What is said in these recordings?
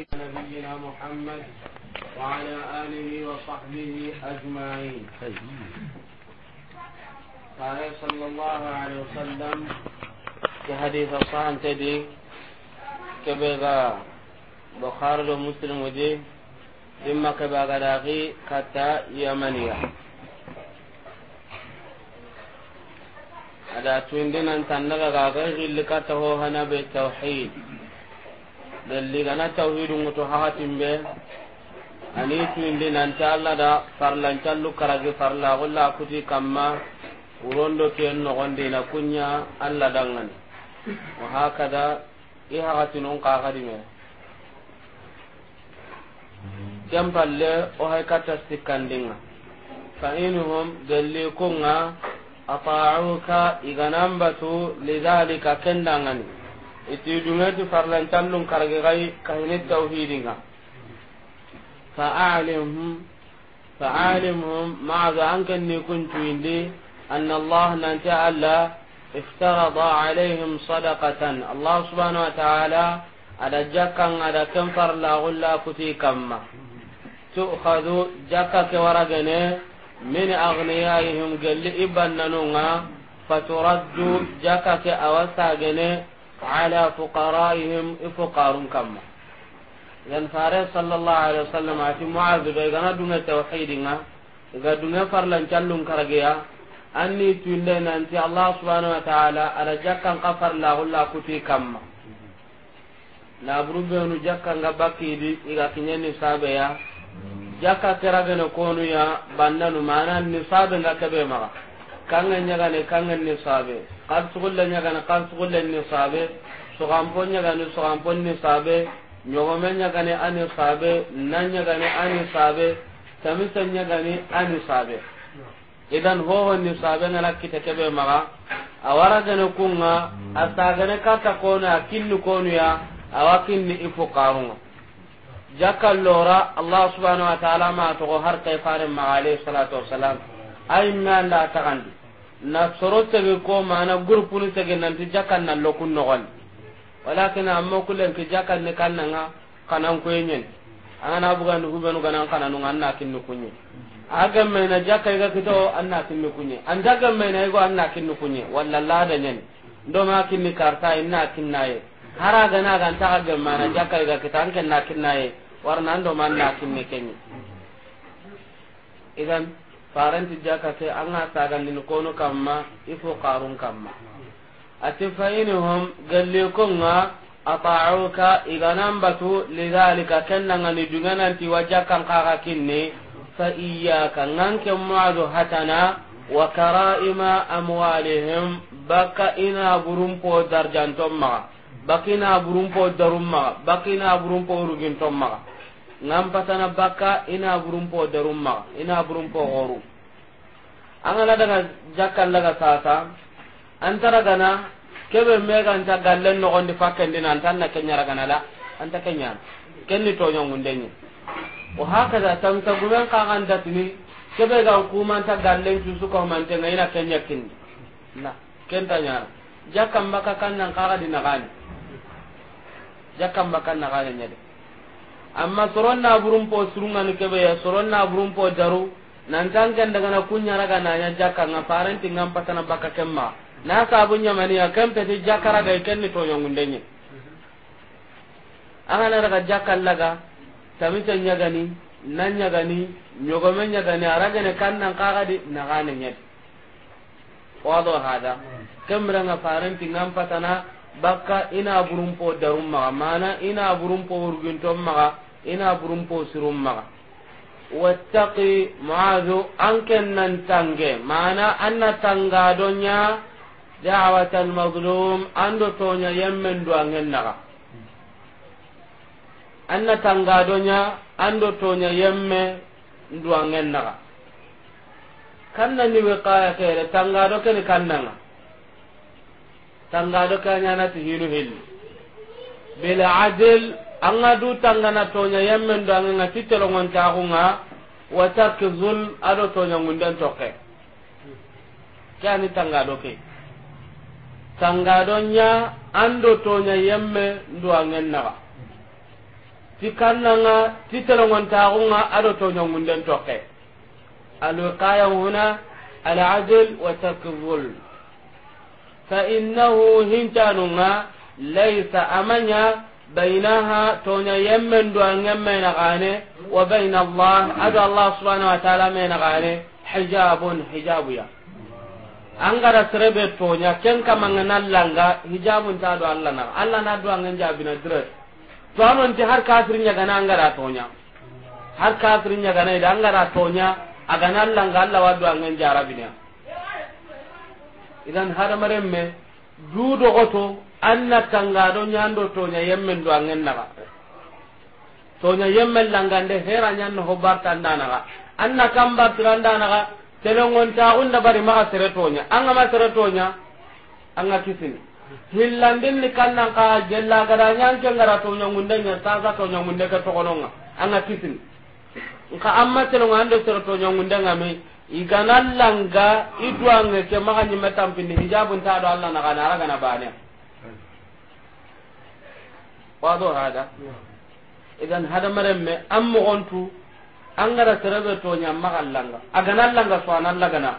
نبينا محمد وعلى آله وصحبه أجمعين قال صلى الله عليه وسلم في حديث صحن تدي كبغا بخار له مسلم ودي إما كبغا راغي كتا يمنيا ada tuindinan tannaga gaga gilli اللي كتا هو هنا بالتوحيد dalli gana tawhidu ngoto hakatin be ani tuindi nan allah da tallu karage farla wala kuti kamma urondo ken na kunya alla dangani wa hakada i hakatinun kakadime ken palle o hay katta sikkandinga fa inhum dalli kunga atauka tu lidhalika kendangani iti dungeti farlan callun karge gai kahini tauhidinga fa'alimhum fa'alimhum ma'aza an kanni kuntuindi anna allah nanti alla iftarada alaihim sadaqatan allah subhanahu wa ta'ala ada jakkan ada ken farla gulla kuti kamma tu'khadhu jakka ke waragane min aghniyaihim galli ibannanunga faturaddu jakka ke awasagane على فقرائهم فقار كما yan fare sallallahu alaihi wasallam ati muaz do gana dunga tauhid nga ga dunga farlan callun karageya anni tunde nanti allah subhanahu wa ta'ala ala kafar la hulla kuti kamma la burube nu jakkan ka bakidi iga kinyani sabe ya jakka keraga ne konu ya bannanu manan ni sabe ga kebe ma kanga nyaga ne kanga ni sabe kar sugulle ñagani kar sugulle ni sabe sogampo ñagani sogampo ni sabe ñogome ñagani ani sabe na ñagani ani sabe tamise ñagani ani sabe idan hoho ni sabe na kita kebe maga awara gane kunga asagane kata konu akinni konu ya awakinni ifu karunga jaka lora allah subhanahu wa ta'ala ma to har kai fare ma alayhi salatu wassalam ay ma la tagandi na soro sege ko mana groupe nu sege nanti jakan na lokun nogon walakin amma kulen ke jakan ne kan nga kanan ko yenyen ana na buga ndu hubenu kanan kanan nga kin nu kunye aga me na jakai ga kito anna nu kunye an daga me na go anna kinnu kunye walla la da nyen ndo ma kinni karta inna kinnaye hara ga na ga ta ga mana jakai ga kito an kin na kinnaye warna ndo man na kinni kenye idan faranti jakate anga sagandini kono kamma ifo qarun kamma ati fa inhum galle konga ata'uka iganambatu lidhalika kennangani dugananti wajakkan kaga kinni fa iyyaka nganke mu'adu hatana wa karaima amwalihim baka ina burumpo darjantommaga baka burumpo darummaga baka burumpo urugintommaga ngam patana baka ina burumpo darumma ina burumpo horu angana daga jakkal daga sata antara gana kebe mega anta gallen no gondi fakkende nan tan na kenya raga nala anta kenya kenni to nyongundenye o tan ta gumen ka ganda tini kebe ga kuma anta gallen su ko mante ina kenya kin na kenta nya jakkam baka kan kannan kaga dinagani jakkam baka nagani nyade amma soronna burun po surungani kebe ya na burun po daru nan tanken daga na kunyara na nanya jaka nga parenti ngam patana baka kemma na sabu nyamani ya kempe ti jakara ga ikenni to nyongundenye anga na daga jakka laga tamise nyagani nan nyagani nyogome nyagani aragene kannan kagadi nagane nyedi wado hada kemra nga parenti ngam patana bakka ina burun po darum maga mana ina burun po urguntom maga ina burum po sirum maga wattaqi mu'adhu anken nan tange mana anna tanga donya da'watal mazlum ando tonya yemmen do angen naga anna tanga donya ando tonya yemme ndu angen naga kanna ni be kaya kere tanga do ken kannanga tanga do kanya na tihinu hilli bil adl anga du na tonya yemen do anga titelo ngon hunga wa takzul ado tonya ngunden toke kani tanga do ke tanga do nya ando tonya yemme do anga nawa tikannanga titelo ngon hunga ado tonya ngunden toke alwiqaya huna adl wa takzul fa innahu hintanunga laysa amanya bainaha tonya yemmen do ngemme na gane wa baina allah adu allah subhanahu wa ta'ala me na gane hijabun hijabu ya angara serebe tonya ken kamangana langa hijabun ta do allah na allah na do ngan jabina dire to anon ti har kafirin ya gana angara tonya har kafirin ya gana idan angara tonya aga nan langa allah wa do ngan idan du anna kanga do nyando to nya yemmen do angen naga to nya yemmen langande hera nyanno ho barta ndana ga anna kamba tiranda naga telongon ta unda bari maga seretonya anga ma seretonya anga kisini hillandin ni kannan ka jella gara nyan ke ngara to nya ngunde nya ta ga to nya ngunde ka to kononga anga kisini nka amma telongon ando sereto nya ngunde ngame igana langa itu ange ke maga nyimetam pindi hijabun ta do Allah na kana na bane wado hada idan hada me am mo an gara terebe to nya magallanga agana langa so anan lagana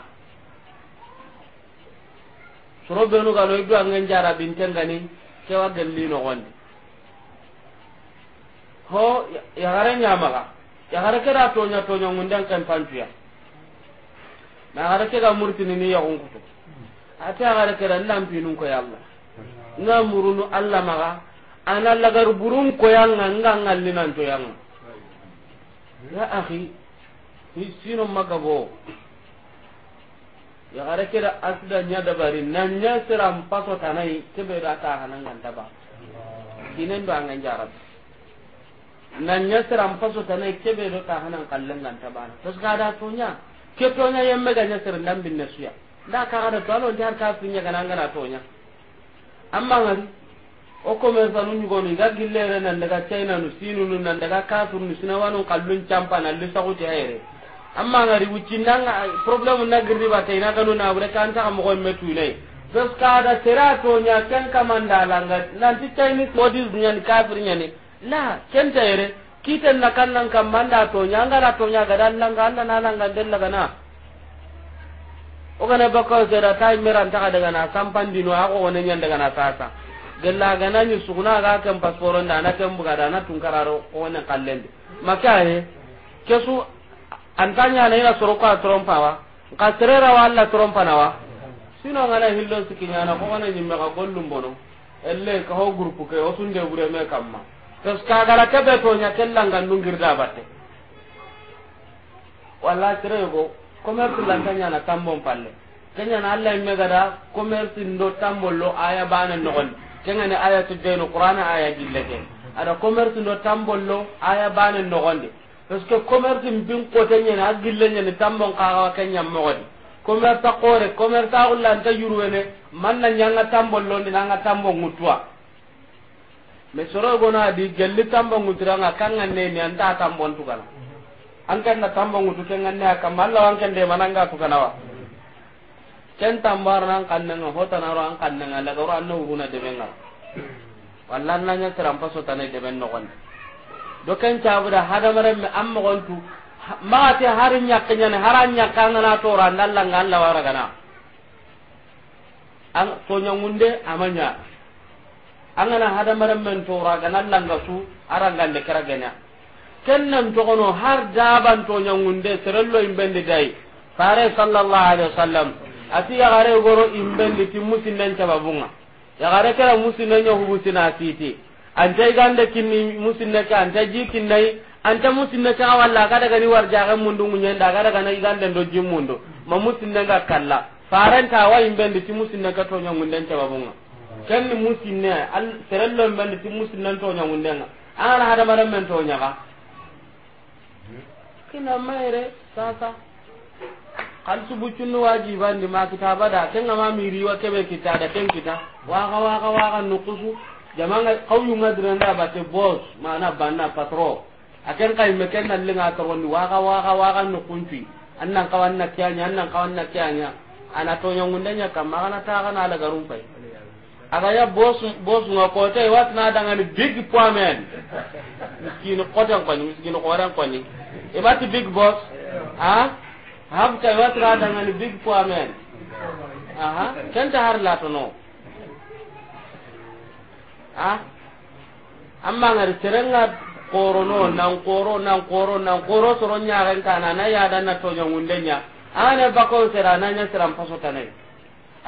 suro benu galo idu angen jara bintenga ni kewa galli no gondi ho ya gara nya maga ya gara kera to nya to nya ngundan kan pantuya na gara kega murtini ni ya to ata gara kera ndam nun ko yalla murunu alla maga ana lagar burun koyanga nga ngalli nan to yang ya akhi ni sino magabo ya gare kira asda nya dabari nan nya siram paso tanai kebe da ta hanan kan ba kinen ba angan jarab nan nya siram paso tanai kebe do ta hanan kallan kan ba to ga da to nya ke to nya yemme ga nya sir nan bin nasuya da ka ga da to lo jar ka sunya kan angana to nya amma ngari o commerçant nu ni ga gillere nan daga china nu sinu nu nan daga kafir nu sina wanu kallun champa na lu sagu ti hayre amma ngari wucci nanga problème na girri ba te na kanu na bure kan ta mo ko metu ne bas ka da serato nya kan kamanda langa nan ti chinese modis nyan kafir nyane la ken tayre kiten na kan nan kamanda to nya ngara to nya ga dan langa anda na langa den laga na o kana bakaw sera tay meran ta daga na sampan dino ako wonen nyan daga na sasa gella gana ni suguna ga kan pasporon na na kan buga da na tun kararo ko ne kallen maka he kesu antanya na ina soro ka trompa wa ka terera wa alla trompa na wa sino ngala hillo sikinya na ko ne nyimme ka gollum bono elle ka ho grupu ke o sunde gure me kamma to ska gara ka be to nya kella lungir da batte walla terego commerce lantanya na tambon palle kenya na alla imme gada commerce ndo tambollo aya bana nogondi kengani aya tuddeno qur'ana aya gille ke ada commerce ndo tambollo aya bane nogonde parce que commerce bin kote nyene a gille nyene tambon kawa kenya mogodi commerce ta kore commerce ta ulla anta yurwene manna nyanga tambollo ndi nanga tambo ngutwa me soro gona di gelli tambo ngutra nga kanga ne ni anta tambon tukana an kan na tambo ngutu kenga ne aka malla wan kan de mananga tukana wa ken tambarna an kannanga hotanaro an kannanga de anna wuruna deɓenga walla an naña siranpa de deɓen nokon do ken cabuda hadamarenme an mogontu maxate hari ñakkiñani hara ñakka angana toro wara gana. an lawaragana an toñangunde amaña angana hadamarenmen toro agana allanga su arangande gana. ken nan gono har daban toñangunde serello imbende dayi fare sallallahu alaihi wasallam ati yagare goro imbendi ti musinnen cababunga yagare kera musinne nyo hubutina asiti anta igande kinni musinne ka anta ji kinnai anta musinne ka walla ga daga ni warjaga mundu munyenda ga daga na igande ndo jimmundo ma musinne ga kalla faranta wa imbendi ti musinne ka tonya munden cababunga kenni musinne al serello imbendi ti musinne tonya mundenga ana hada maran men tonya ga kina mayre sasa kan su bucunnu wajiban di ma ba da ken ma riwa ke kebe kita da ken kita wa ga wa ga wa ga nukusu jamanga qawyu dran da ba te boss na banna patro akan kai me ken nan linga to ni wa ga wa ga wa ga nukunti annan kawan na kyanya annan kawan na kyanya ana to nyongundanya ma na ta kana la garu pai aga ya boss boss ngo ko te wat na da ni big poamen kini kotan ko ni kini koran ko ni e bati big boss ha hab ka watra daga ni big po amen aha kanta har la tono ah amma ngar terenga korono nan koro nan koro nan koro soro nyaaren kana na ya dan na to nyangunde nya ana bako sera nanya seram paso tanai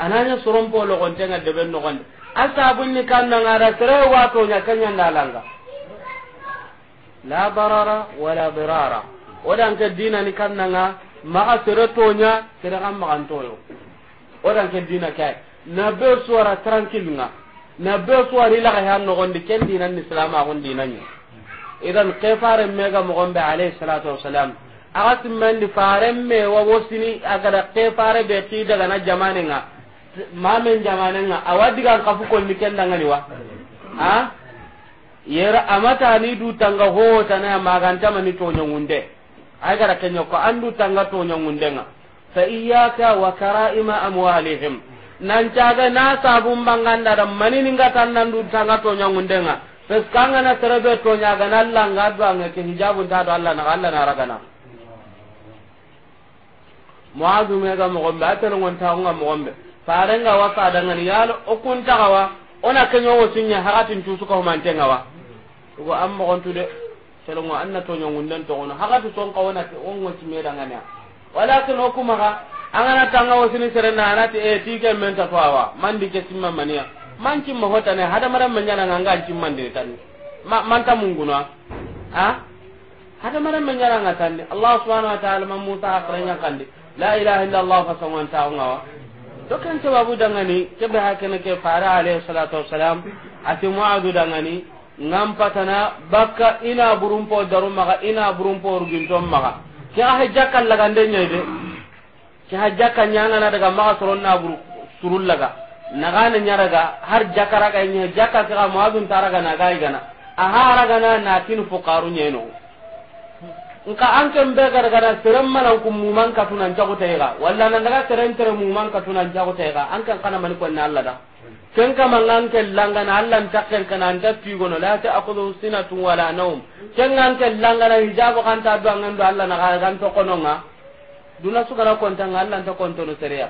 ananya soron polo lo gonte nga deben no gonde asa bunni kan na ngara tere wa to nya kanya ndalanga la barara wala dirara odan ka dina ni kan na nga. maga sere tonya kere kan magan toyo odan ke dina kai na be suara tranquil nga na be suara ila kay han nogon de ken dina ni salama gon dina ni idan kefare mega mo gon be alayhi salatu wassalam aga timman di fare me wa wosini aga da kefare be ti daga na jamane nga ma men jamane nga awadi kan kafu ko ni ken dangani wa ha yera amata ni du tanga ho tanaya maganta mani tonyo ngunde agara kenya ko andu tanga to nyangundenga fa iyyaka wa karaima amwalihim nan caga na sabun banganda da manini ngata nan du tanga to nyangundenga pes kanga na terebe to nyaga na Allah ngadwa nge ke hijabun ta do Allah na Allah na ragana muadu mega mo gombe atelo ngon ta ngon mo wa farenga wasa ni yalo okunta wa ona kenyo wosinya hakatin tusuka humantenga wa ko amma gontu de selongo anna to nyongunden to ono haga to ton ka wona on wati meda ngana wala to no kuma ga angana tanga wasini serena anati e tike men ta fawa mandi ke simma mania man hota ne hada men yana nganga cimmande tan ma manta munguna ha hada yana nganga tan allah subhanahu wa ta'ala man muta akranya de la ilaha illa allah fa sawan ta ngawa to kan ce babu dangani ke ba hakene ke fara alaihi salatu wassalam ati muadu dangani ngam patana bakka ina burumpo po darum maga ina burumpo po Maka tom maga ke ha jakka laga ndenya de ke ha jakka nyana na daga maga soron na buru surul laga naga na nyaraga har jakara ga nyi jakka ka mawabin taraga na ga igana a raga na na tin fuqaru nyeno nka an kan be gar gara seren manan kum muman ka tunan jago tega walla na daga seren tere muman ka tunan jago tega an kan kana man ko na Allah da ken kama ngan langana allan takken kana anda tigono la ta akhudhu sinatun wala nawm ken ngan kel langana hijabu kan ta do ngan do allah na kan to kononga duna suka na konta ngan allan to konto no sereya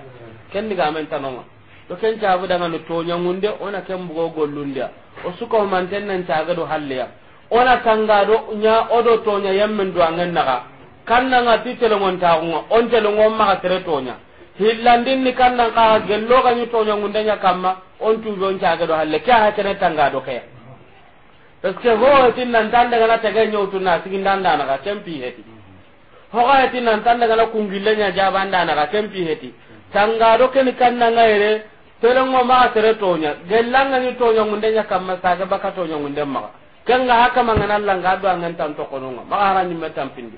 ken diga men tanonga to ken ta bu daga no to nyangunde ona ken bugo gollunde o suka man ten nan ta ga do halleya ona tanga do nya odo to nya yemmen do ngan naga kan na ngati tele ngon ta on tele ngon ma ka tere to nya hillandin ni kannan ka gello ga ni tonya kamma on tu ga do halle kya ha tanga do kaya parce que ho tin nan tan daga na taga nyo tu na sigin dan dan ga tempi heti ho ga tin nan tan daga na kungille nya ja ban dan ga tempi heti tanga do ken kannan ga ere tele ngo ma tere ni kamma baka haka do an tan to ma ni pindi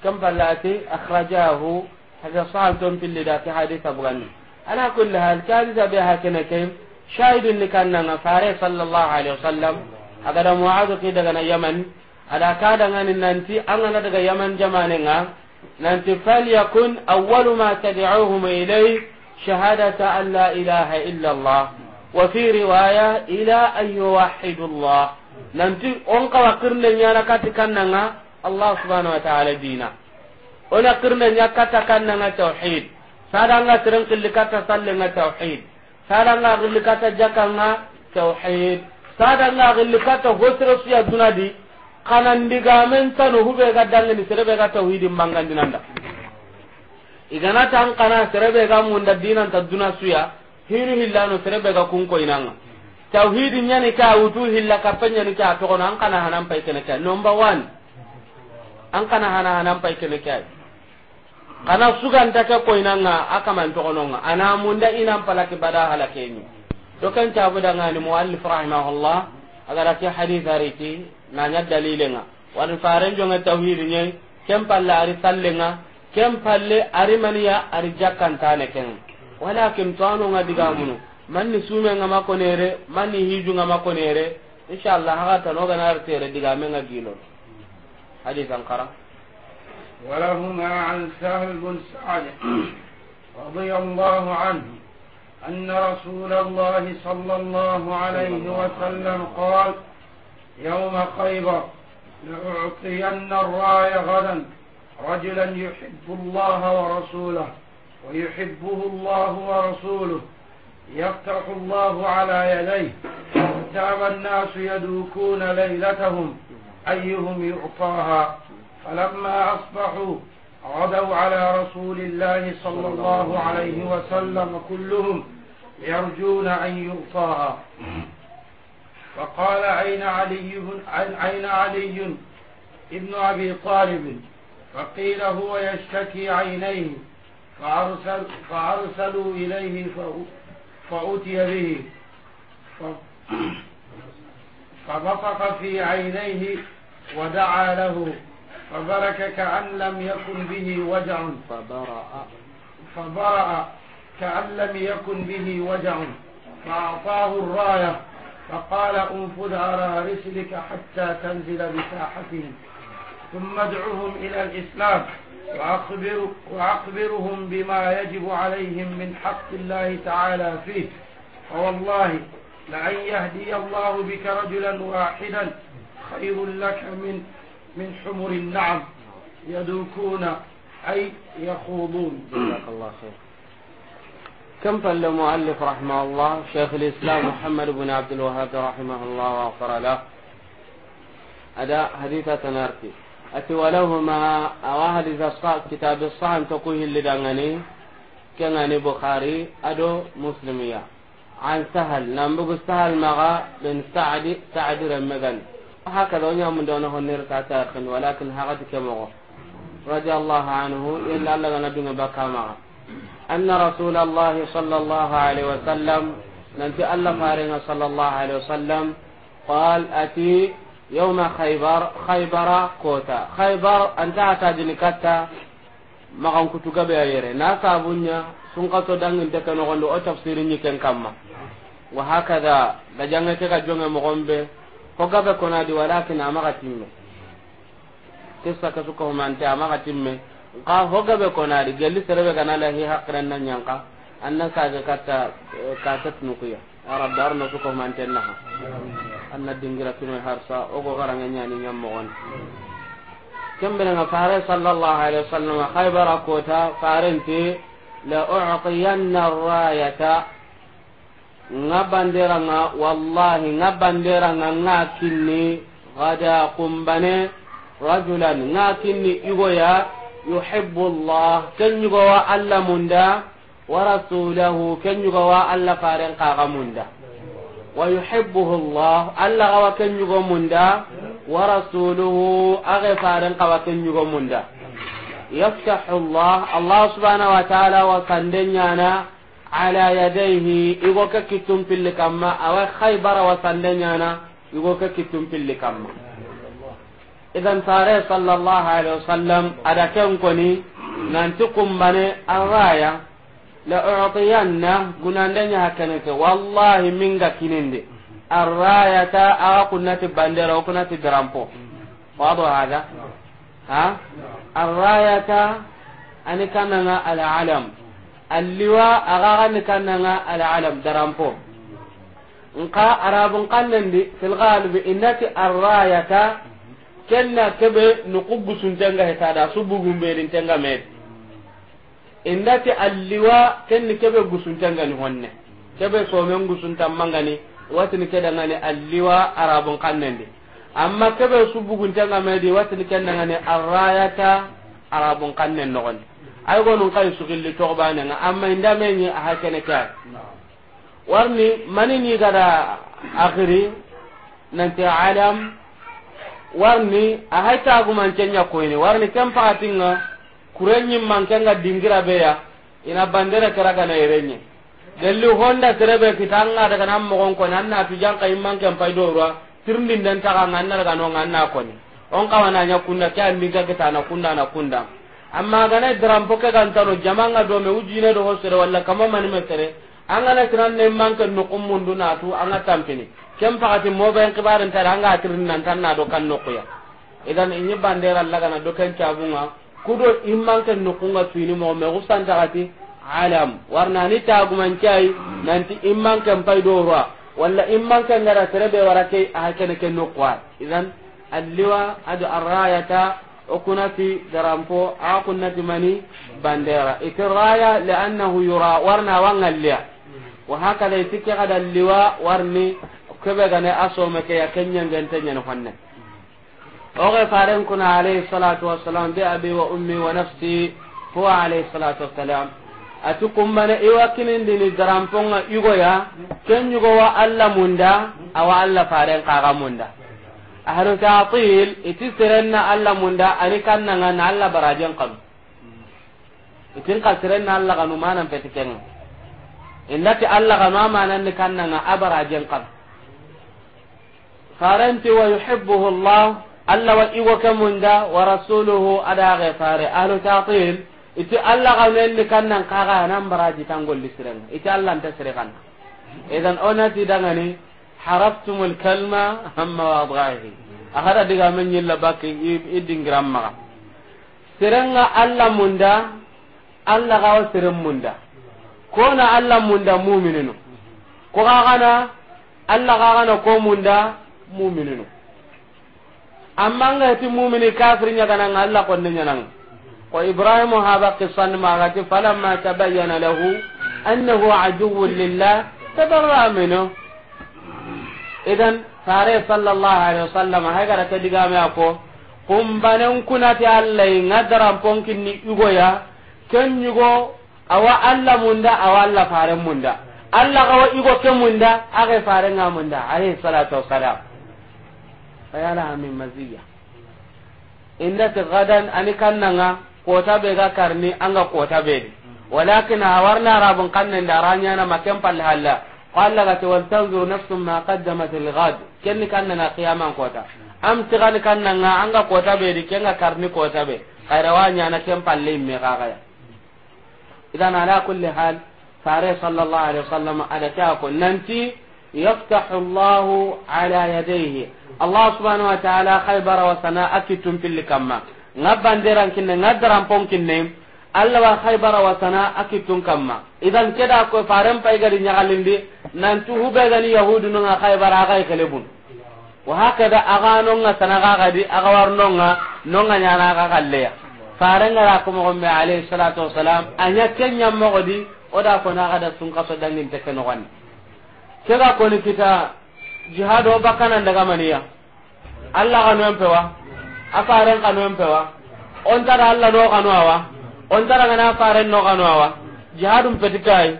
kam balati akhrajahu hada sahal don pilli da ta hadisa bugandi ala kulli hal kadisa be hakene kay shahidun ni kanna na fare sallallahu alaihi wasallam aga da muadu ke daga na yaman ada kada ngani nanti angana daga yaman jamane nga nanti falyakun awwalu ma tad'uhum ilay shahadata an la ilaha illa allah wa fi riwaya ila an yuwahhidu allah nanti on kawa kirle nyana kati allah subhanahu wa ta'ala dina ona kirna nya kata kanna nga tauhid sadanga tiran killi kata salle nga tauhid sadanga killi kata jaka nga tauhid sadanga killi kata hosro suya dunadi kana ndiga men tanu hube ga dangi ni serebe ga tauhid bangandi dinanda igana tan kana serebe ga munda dinan ta duna suya hiru hillano serebe ga kunko inanga nya ni ka wutu hilla penya ni ka to kana hanan pai kenaka number 1 an kana hana hanan pai kai. kana suganta ke koinanga akamantogononga anamunda inan palake bada halakeni do ken cabudangani muallif rahimahullah agarake hadith ariti nanya dalilenga wani faren jonge tawhid nye ken palle ari sallenga ken palle ari maniya ari jakkantane ken walakin tano nga digamunu manni sume nga makonere manni hiju nga makonere inshallah haga tanoga narte re digamenga gilo hadith ankara ولهما عن سهل بن سعد رضي الله عنه أن رسول الله صلى الله عليه وسلم قال يوم خيبر لأعطين الراية غدا رجلا يحب الله ورسوله ويحبه الله ورسوله يفتح الله على يديه تاب الناس يدوكون ليلتهم أيهم يعطاها فلما أصبحوا غدوا على رسول الله صلى الله عليه وسلم كلهم يرجون أن يغطاها فقال عين علي عين علي ابن أبي طالب فقيل هو يشتكي عينيه فأرسل فأرسلوا إليه فأتي به فبصق في عينيه ودعا له فبرك كأن لم يكن به وجع فبرأ فبرأ كأن لم يكن به وجع فأعطاه الراية فقال انفذ على رسلك حتى تنزل بساحتهم ثم ادعهم إلى الإسلام وأخبر وأخبرهم بما يجب عليهم من حق الله تعالى فيه فوالله لأن يهدي الله بك رجلا واحدا خير لك من من حمر النعم يدوكون أي يخوضون جزاك الله خير كم فل المؤلف رحمه الله شيخ الإسلام محمد بن عبد الوهاب رحمه الله وغفر له أداء حديثة تنارتي أتي ولهما أواهد إذا كتاب الصحن تقوه اللي دانغني كان بخاري أدو مسلمية عن سهل نمبق سهل مغا بن سعد سعد رمضان هكذا ونيا من دون هنير كاتاكن ولكن هغت كمغو رضي الله عنه إلا الله نبي بكى معه أن رسول الله صلى الله عليه وسلم ننتي الله فارنا صلى الله عليه وسلم قال أتي يوم خيبر خيبر كوتا خيبر أنت أتاجني كتا makan kutu gabe ayere na sabunya sun kaso dangin ta kanogondo o tafsirin yiken kamma wa hakada da janga ke ka jonga mogombe hogabe konadi walakin amaga timme kissa kasu ko mante amaga timme ka hogabe konadi gelli serebe kana lahi hakran nan yanka anna saga kata katat nukuya arab dar no su ko mante na ha anna dingira kino harsa o go garanga nyani nyammo on kembere nga fare sallallahu alaihi wasallam khaybara kota farenti la u'tiyanna rayata nga banderanga wallahi nga banderanga nga kinni gada kumbane rajulan nga kinni igoya yuhibbu allah kenyugowa allah munda wa rasulahu kenyugowa allah faren kaga munda wa yuhibbuhu allah allah gawa kenyugo munda wa rasuluhu aga faren kawa kenyugo munda yaftahu allah allah subhanahu wa ta'ala wa kandenyana ala yadayhi igo ke kittum pilli kamma awa idan tare sallallahu alaihi wasallam ada ken koni nanti kumbane araya la alliwa agagani ala alalam darampo nka arabun kallendi fil galibi innati arrayata kenna kebe nukubu suntenga hetada subugumberintenga med innati alliwa kenni kebe ni honne kebe somen ni watini ni alliwa arabun di amma kebe wati ni watini kendangani arrayata arabun kannen nogondi ay gonu kay sugilli to bana nga amma inda men ni kene ka warni mani ni gada akhiri nanti alam warni aha ta guman cenya ko ni warni kan patinga kurenyi mankenga dingira beya ina bandera karaga na erenye gelli honda terebe kitanga daga nan mo ko nan na tujan kay manken paydorwa tirndin dan taga nan daga no nan na ko ni on kawana nya kunna kya minga kita na kunda na kunda amma gana drampo ke gantano jamanga do me ujine do hosere walla kama man me sere angana tran ne manke no do natu anga tampini kem faati mo ben kibaran tar anga tirin nan tan na do kan no kuya idan inyi bandera laga na do kan tabunga kudo immanke no kunga suini mo me usan taati alam warna ni taguman kai nanti immanke pai do ruwa walla immanke ngara tere be warake a hakene ken no kwa idan alliwa adu arrayata okunati garampo a kunnati mani bandera iti raya liannahu yura warna wangalliya wa hakada iti ke kada liwa warni kebe gane asome ke ya kenyangente nyani honne oge faren kuna alayhi salatu wassalam bi abi wa ummi wa nafsi huwa alayhi salatu wassalam ati kumbane iwa kinindini garamponga yugoya ken yugowa allah munda awa allah faren kaga munda ahlu ta'til iti serenna alla munda ani kanna ngana alla barajen kam iti ka serenna alla kanu manan petiken indati alla kanu manan ni kanna nga abarajen kam faranti wa yuhibbuhu allah alla wa iwa kamunda wa rasuluhu ada ghafare ahlu ta'til iti alla kanu ni kanna kaga nan baraji tangol lisren iti alla nta serekan idan onati dangani حرفتم الكلمة هم مواضعه أخذ دقا من يلا باكي إدن جرام مغا سرنغا ألا مندا ألا غاو سرن مندا كون ألا مندا مؤمنين كوغا غانا ألا غانا كو مندا مؤمنين أما نغتي مؤمن كافر نغانا ألا قد نغانا وإبراهيم هذا قصة ما فلما تبين له أنه عدو لله تبرأ منه idan tare sallallahu alaihi wasallam ha gara ta diga kun ako kuna ta allah ngadaram ponkin ni ugo ya ken yugo awa allah munda awa allah fare munda allah ga igo ken munda aga fare nga munda alaihi salatu wassalam ayala amin maziya inda ta gadan ani kannanga kota be ga karni anga kota be walakin awarna rabun kannan daranya na makan pal halala. قال لك ولتنظر نفس ما قدمت الغد كن كان لنا قياما كوتا أم تغن كان لنا عنك كوتا بيدي كن كرني كوتا بي خيرواني أنا كم فالليم مغاغيا إذا على كل حال فاري صلى الله عليه وسلم على تاكل ننتي يفتح الله على يديه الله سبحانه وتعالى خيبر وسنا أكتم في الكما ngabbanderan kinne ngaddaran pon kinne Allah wa khaybara wa sana akitun kamma idan keda ko faran pay gadi nyagalindi nan tu hube gani yahudu no khaybara ga kelebun wa hakada aga no nga sana ga gadi aga war no nga no nga nyana ga ya faran ga ko mo me alayhi salatu wasalam anya kenya mo gadi oda ko na gada sun kaso dangin te keno wan keda ko ni kita jihado bakana daga maniya Allah ga no empewa afaran ga no empewa on tara alla do ga no awa on tarangana faren nogano awa jihadum petikai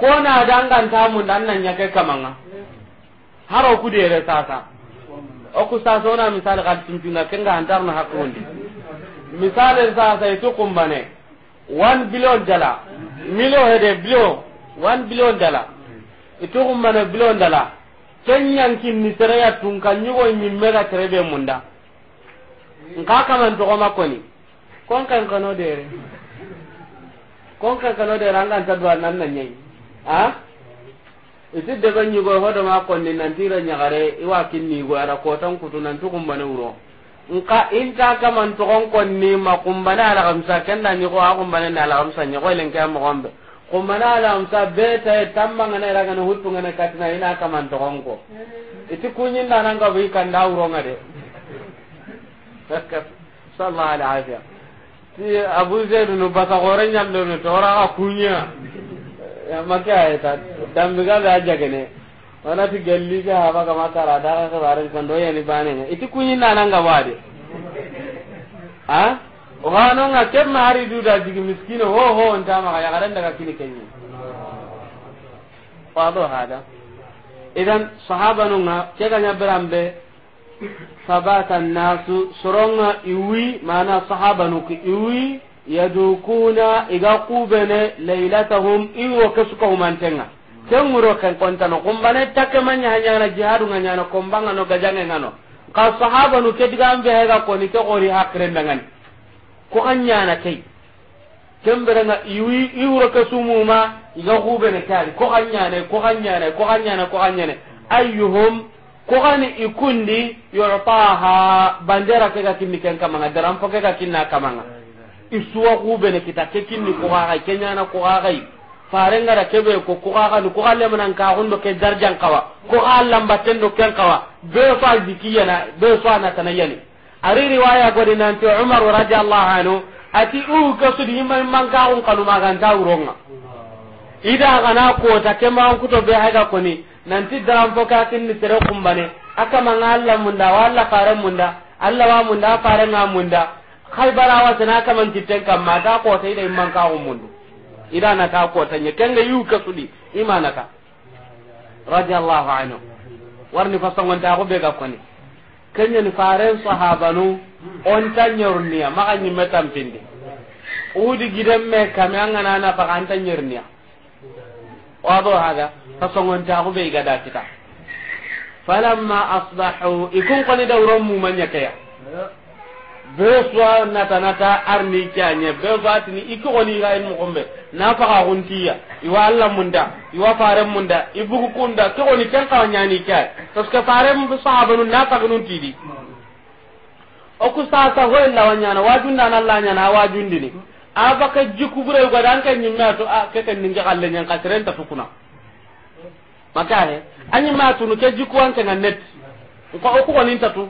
ko na dangantamun dan nan yake kamanga haro kudere sasa oku sasa ona misali kad timpinga kenga hantarno hakkundi misali sasa itu kumbane 1 billion dala milo hede billion 1 billion dala itu kumbane billion dala kenyankin ni sereya tunka nyugo nyimmega terebe munda nka kama togoma koni kon kan kano dere kon kan kano dere an kan tadwa nan nan nyai a iti de ban yugo hodo ma ni nan tira nyagare iwa ni go ara ko tan kutu nan to ka in nka ka kaman to kon ni ma kumbane ala kan nan ni ko ha kumbane na ala sa ni go len ka mo gombe kumbane ala sa be ta tamma ngana ra gana hutu ngana katina ina kaman to kon ko iti kunyin nan ga bi kan da uro ngade sallallahu alaihi wasallam ti abu zaid nu baka gore nyallo no tora ka kunya ya maka ya ta dambi ga da jagene wana ti galli ga haba ga makara da ka barin kan do yani bane ne iti kunyi na nan ga wade ha o ha no nga kem mari du da jigi miskino ho ho onta ma ya garan daga kini kenyi fado hada idan sahaba no nga ke ga nyabarambe fabata nasu soronga iwi mana sahabanu ki iwi yadukuna iga kubene lailatahum iwo kesuka humantenga kenguro ken kumbane take manya hanyana jihadu nganyana kombanga no gajange ngano ka sahaba nu ke diga ambe hega ko ni ke gori hakre ndangan ko anyana kai kembere nga iwi iwro ke sumuma iga kubene kali kogani ikundi yotaha bandera ke ga kinni ken kamanga daran fo ke ga kinna kamanga isuwa kubene kita ke kinni kogaxay ke ñana kogaxay farengara kebe ko lemu na ka hundo ke darjan kawa koga lamba do ken kawa be fa jikiyana be so na yani ari riwaya nan nanti umaru radiallahu anu ati u kasudi immankaxun kanumaganta uronga ida gana kota kemaxun kuto be hayga koni nanti daran fo ka kinni tere kumbane akama nga munda walla fare munda allah wa munda fare nga munda khaybara wa sana kama titen kamma ta ko sai dai man ka mundu ida na ta ko tanye kenga yu ka sudi imana ka radiyallahu anhu warni fasangon ta ko be ga koni kenya ni fare sahabanu on tanyorniya maka metam pindi udi me kame angana na pakanta nyorniya wado haga fasongon ta ko bai gada kita falamma asbahu ikun qani dawron mu manya ya. be suwa nata nata arni kyanye be ni iki oni ga en gombe na fa ga guntiya iwa Allah munda iwa faren munda ku kunda to oni kan ka nyani kya ska faren bu sahabun na fa gunun tidi o ku sa sa ho lawanya na wajunda na Allah nyana wajundini abaka jikubure go dan kan nyimma to a ah, ke kan ninga galle nyen katren ta fukuna maka he anyi ma ka ke jikuwan kan net ko o ko nin tatu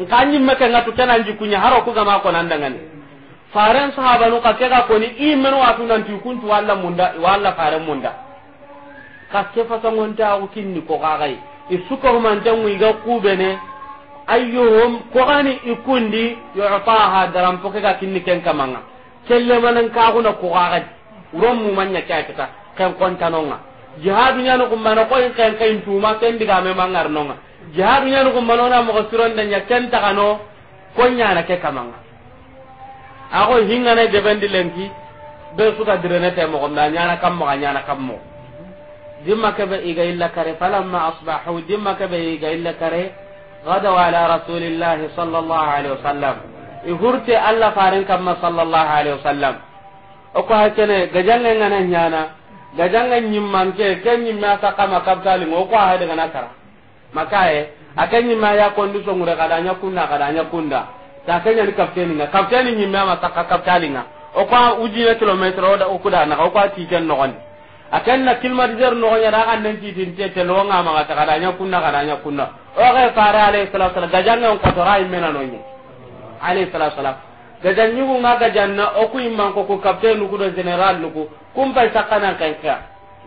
nka anyi ma kan ngatu tan anji kunya haro ko gama ko nan dangan faran sahaba no ka ke ga ko ni imen wa tun nan tikun tu walla munda walla faran munda ka ke fa sangon ta ko kinni ko ga gai isuka man tan wi ga kubene ayyuhum ko ani ikundi yu'taha daram poke ga kinni ken kamanga kelle manan ka guna ko garan uron mu manya kya kita kan konta nonga jihadu nyano ko mana ko en kan kan tuma kan diga me mangar nonga jihadu nyano ko manona mo suron da nya kan ta kano konya na ke kamanga ako hinga ne de bendi lenki be suka direne te mo na nyana kam mo nyana kam mo dimma ke be iga illa kare falamma asbahu dimma ke be iga illa kare غدوا على رسول الله صلى الله عليه وسلم i hurte allah faren kamma sallallahu alaihi wasallam oko hakene gajanga ngana nyana gajanga ke ken nyimma ta kama kabtali ngo ko de ngana kara makaye akan nyimma ya kondiso ngure kadanya kunna kadanya kunda ta kenya ni kapteni nga kapteni nyimma ma takka kaptali nga oko ujine kilometer oda okuda na oko tiken no gonde akan na kilma jar no ya da an nan titin te te nga ma kadanya kunna kadanya kunna o ga fara alaihi salatu wasallam gajanga ko torai menano alayhi salatu wasalam gajan nyugo nga gajan na o ku imman ko ku capitaine ku do general ko kum pai sakana kan ka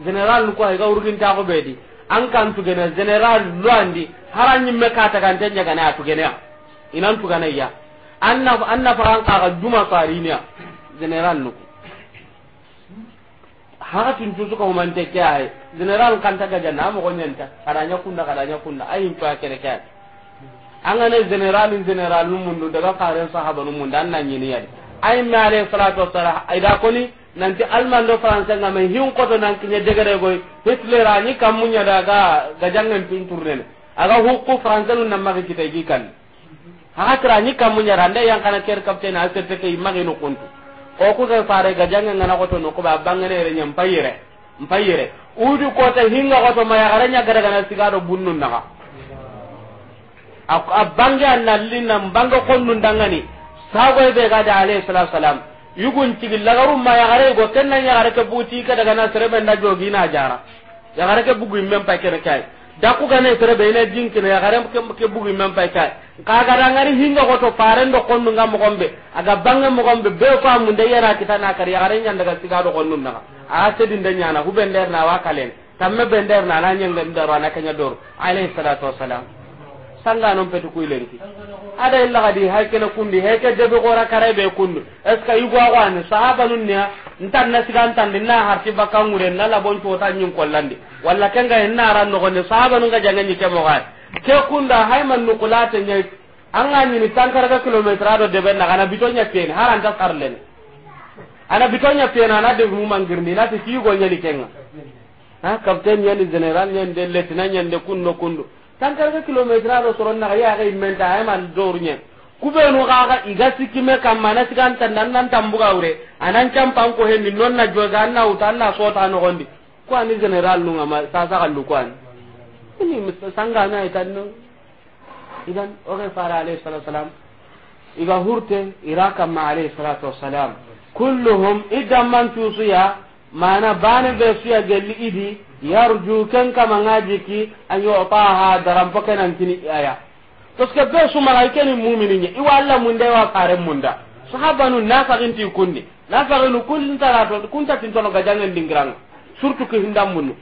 general ko ay ga urgin ta ko beedi an kan tu gena general luandi haran nyimme ka ta kan tanya na tu gena inan tu gana ya anna anna faran ka ga duma farinya general nuku haa tun tu suka humante kya ai general kan ta gajan na mo gonyanta kadanya kunda kadanya kunna ayin pa kere kya angana general general num mundu daga faren sahaba num mundu annan nyini yadi ay ma alayhi salatu wassalam ayda koni nanti almando france nga me hin koto nan kinya degere goy hitler ani kamunya daga gajangan pinturnene aga hukku france nun namma ke kitai gikan hakra ni kamunya randa yang kana ker kapten asete ke imagi no kuntu ko ku ga fare gajangan ngana koto no ko babangene re nyampayire mpayire udu ko kota hinga koto maya garanya gara gana sigaro bunnun naga a bange a nalli nan bange konnun dangani sagoy be gada alayhi salatu wasalam yugun tigi lagarum ma yagare go kenna yagare ke buti ka daga na serebe nda jogi na jara yagare ke bugu men pa kene kai daku gane serebe ne jinkine yagare ke bugu men pa kai ka ga dangari hinga ko to paren do konnu ngam gombe aga bange mo gombe be fa mun de yara kita na kar yagare nyan daga siga do konnu na a se din de nyana hu bender na wakalen tamme bender na na nyen bender na kanya dor alayhi salatu wasalam sanga non petu ku ilenki ada illa gadi haykena kundi ke debi gora kare be kundu est ce yugo awan sahaba nun ne ntan na siga ntan dinna harti bakka ngure na la bon to tan nyin kollandi walla kanga enna ran no gonde sahaba nun ga jangan ni kebo ga ke kunda hayman nu kulate nyai anga nyini tankara ga kilometra do debe na kana bitonya pen haran ta sarlen ana bitonya pen ana de mu mangirni na ti yugo nyani kenga ha kapten nyani general nyande letina de kunno kundu tantarga kilometre ado soron naxa yaxa immenta ayeman dorñe kubenu xaxa iga sikkime kamma ana sigan tanda an nan tambuga wure anan campan ko hendi non na joga an na wuta an na soota noxondi ko ani général nungama sasaxallu ko ani ini sangane aytanno idan oxe fara alayhi salatu wasalam iga hurte ira kamma alayhi salatu wasalam kulluhum idamman cuusuya mana bane be suya gelli idi yarju ken kama ngaji ki pa ha daram pokenan kini aya to ske be su malaike ni mu'minin ni iwa alla mun de wa kare mun da sahabanu nafarin ti kunni nafarin kullin tara to kunta tin to ga jangen dingrang surtu ke hindam mun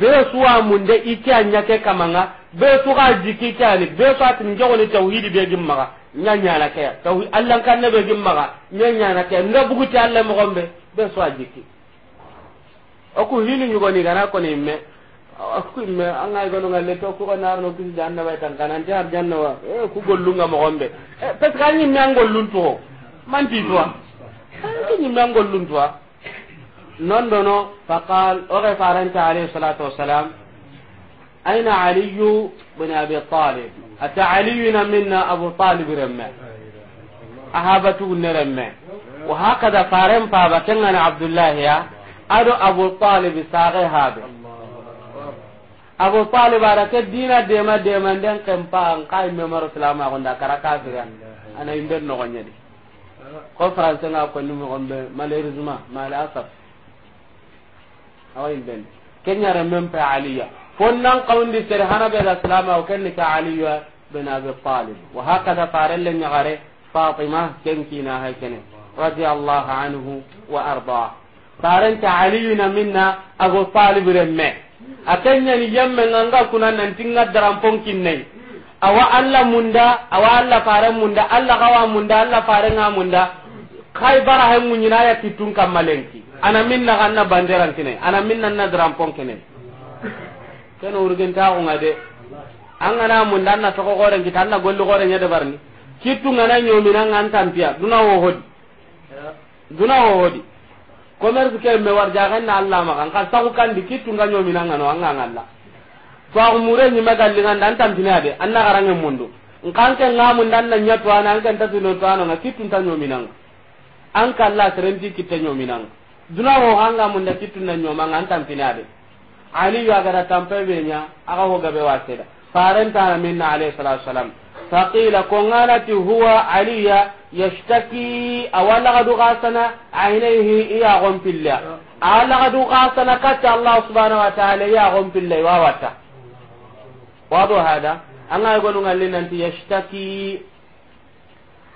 be su wa mun i kya nya ke kama nga be su ga jiki ni be su atin ni tauhidi be gimma nya na ke tauhid allah kan ne be gimma nya na ke ti allah mo gombe be su jiki. oku hinu ñugoni gana koni imme ku imme anga igonu ngalle to ku kana arno kisi janna bay tan kanan jar janna wa e eh, ku gollunga mo gombe eh, parce que anyi men gollun to man ti to anyi men gollun to non dono faqal o re ta alayhi salatu wassalam aina aliyu bin abi talib ata aliyuna minna abu talib remme ahabatu neremme wa hakada faren fa batanga abdullah ya ado abu talib sage habe abu talib ara ke dina dema dema den kempa an kai me maro salama ko ndakara kafira ana imbe no gonya di ko france nga ko ni mo gombe malheureusement mal asaf awai ben kenya re mem pa aliya fonnan qawndi ter hanabe da salama ko ken ka aliya bin abi talib wa hakada farelle nyagare fatima kenkina hay kene radiyallahu anhu wa arda faranta aliyuna minna ago talibiren me akenyani yemme nganga kuna nanti ngaddaran kinnei awa allah munda awa allah fare munda allah kawa munda allah nga munda kai bara hay munyina ya kitun kamalenki ana minna ganna banderan kinai ana minna na daran ponkinai ken urgen ta unga de angana munda na to gore ngita na gollu gore nya de barni kitu ngana nyomina ngan antampia duna wo hodi duna wo hodi commerce ke me warja kan na Allah ma kan ka sagu kan dikit tunga nyomi nan ngano anga ngalla to a umure ni me gallingan dan tam tinade anna garange mundu kan ke ngamun dan na nyato an kan ta tuno to an ngati tun tan nyomi nan an ka Allah serenti kitta nyomi nan duna ho hanga mun da kitun nan nyoma ngan tam tinade ali ya gara tampe be nya aga ho gabe waseda farenta minna alayhi salatu wassalam faqila ko ngana ti huwa aliya يشتكي أولا غدو غاسنا عينيه يا غم في الله أولا غدو غاسنا كتا الله سبحانه وتعالى يا غم في الله وواتا وضو هذا أنا يقول لنا أنت يشتكي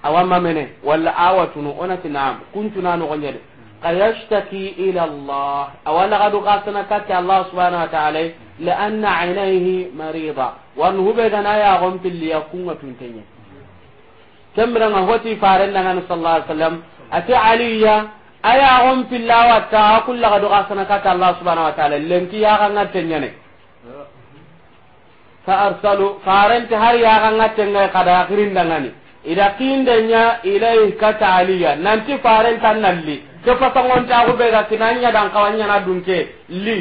أولا مني ولا آواتنا أنت نعم كنت نانو غنيري قال يشتكي إلى الله أولا غدو غاسنا كتا الله سبحانه وتعالى لأن عينيه مريضة وأنه بيدنا يا غم في الله يكون تنتيني kemrenga hoti farendangani sallallahu alaihi wasallam ati aliya aya gon pilla watta kulla ga doga sana kata allah subhanahu wa ta'ala lenki ya ga ngatenyane fa arsalu har ya ga kada ida kindenya ilai kata aliya nanti farenta nalli ke fasangon ta go be ga kinanya dan kawanya na dunke li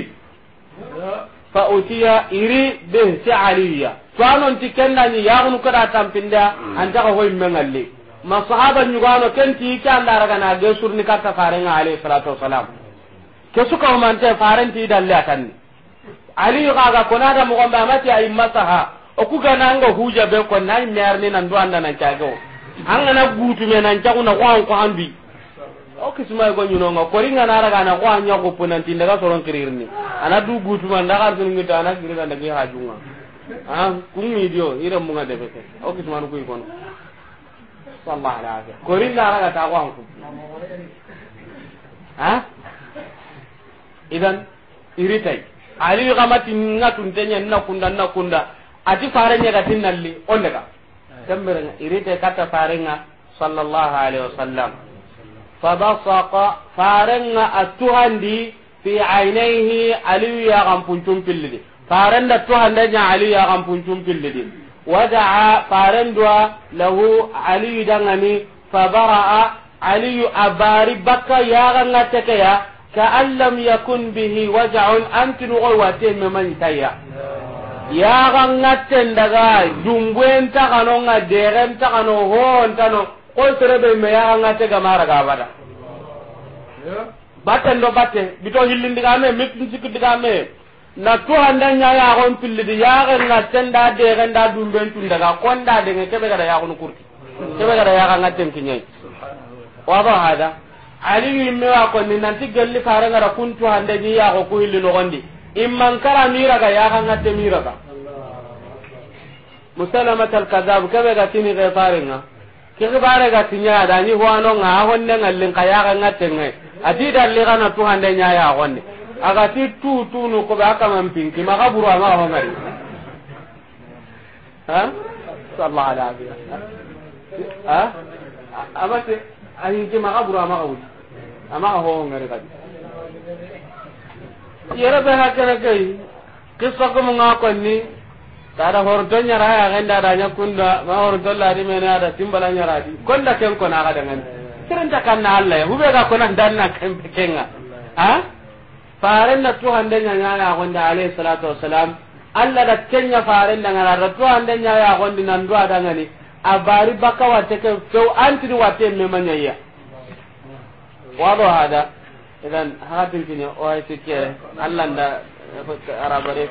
fa utiya iri bi aliya tuanon ti kenna ni yaagunu kada tampinda hmm. anta ko hoy mengalle ma sahaba nyugano kenti ke Allah raga na ge surni karta farenga alayhi salatu wassalam ke suka o mante farenti dalle atanni ali kaga konada mo amati mati ay masaha o ku gananga huja be ko nay merni nan do anda nan cago angana gutu me nan cago na ko an ko handi o kismay go nyuno nga ko ringa na raga na ko anya ko soron kirirni ana du gutu man daga sunu ngita ana kirira ndagi hajunga ah a mi dio ire mu ngade be o kismanu kuy kono wallahi la afiya kori la raga ta ko hanku ha ah? idan iritai ali gamati nga tenya na kunda na kunda ati nya gatin nalli onde ka tamberenga irite kata nga sallallahu alaihi wasallam fabasaqa nga atuhandi fi ainaihi ali ya gampun tumpilli farenda da hande nya ali ya kam puncum pillidi wadaa farendwa lahu ali dangani fabaraa ali abaari bakka ya ganga tekeya ka lam yakun bihi waja'un antin go wate meman tayya ya ganga tendaga jumbuen ta kanonga deren ta kano hon tano ko terebe me ya ganga te gamara ga bada batten do batte bito mee game mitin sikidi mee. na ya di ya pillidi na tenda dexenda dumben tundaga konda be ga gada yaxunu kurti na gada kinyai wa ba hada yi me wa konni nanti gelli karengada kun tuhande ni yaxo ku hilli noxondi imman kara miraga yaxanga te miraga musalamat alkazab keɓe gatini xefarenga ke tinya da ni hoanonga a honnenga linka yaxanga na tuhan dalli ya ya ñayaxonne agati tu tu nu ko ba kama mpinki maka buru ama ho ngari ha sallallahu alaihi ha ama te ayi ke maka buru ama ko ama ho ngari ka yara be ha kana kai kissa ko mun ko ni tada horto nyara ya ganda da nyakunda ma horto la di mena da timbala nyara di konda ken ko na ga dangan kiran ta kan na Allah ya ko dan na kan kenga ha farenna tuhande ñañayagondi alayhi salatu wassalam allah da kenya farenda ngana ra tuhande ñayagondi nandu adangani a bari bakka watte ke few antini watte memañayya waɗo hada idan hakatinkiñe oay sikkere eh, arabare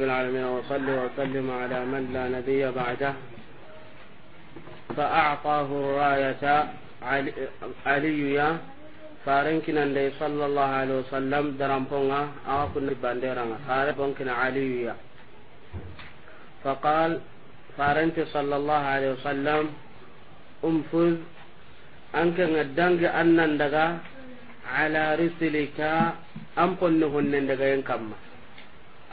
رب العالمين وصلي وسلم على من لا نبي بعده فأعطاه الراية علي, علي farenkina ndey sallallahu alaihi wasallam daramponga awa kunni banderanga fare bonkina aliyu ya faqal farenti sallallahu alaihi wasallam umfuz anke nga dangi annan daga ala risilika an ponni honne daga yen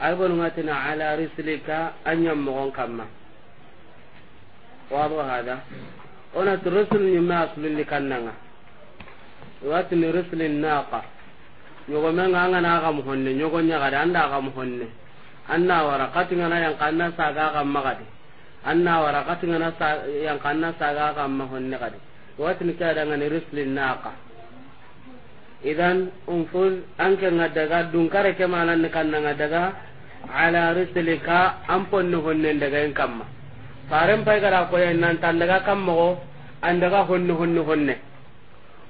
arbanu matina ala rislika anyam kamma wado hada ona rusul ni ma kannanga wati ni na anda ga muhonne anna warakati ngana yang saga ga magadi anna warakati ngana yang saga ga muhonne kadi wati ni kada idan unfuz anke nga daga dunkare ke manan ni kan nga daga ala rislika an ponni honne daga en kamma faren pay gara ko en nan tan daga kamma ko an daga honne honne honne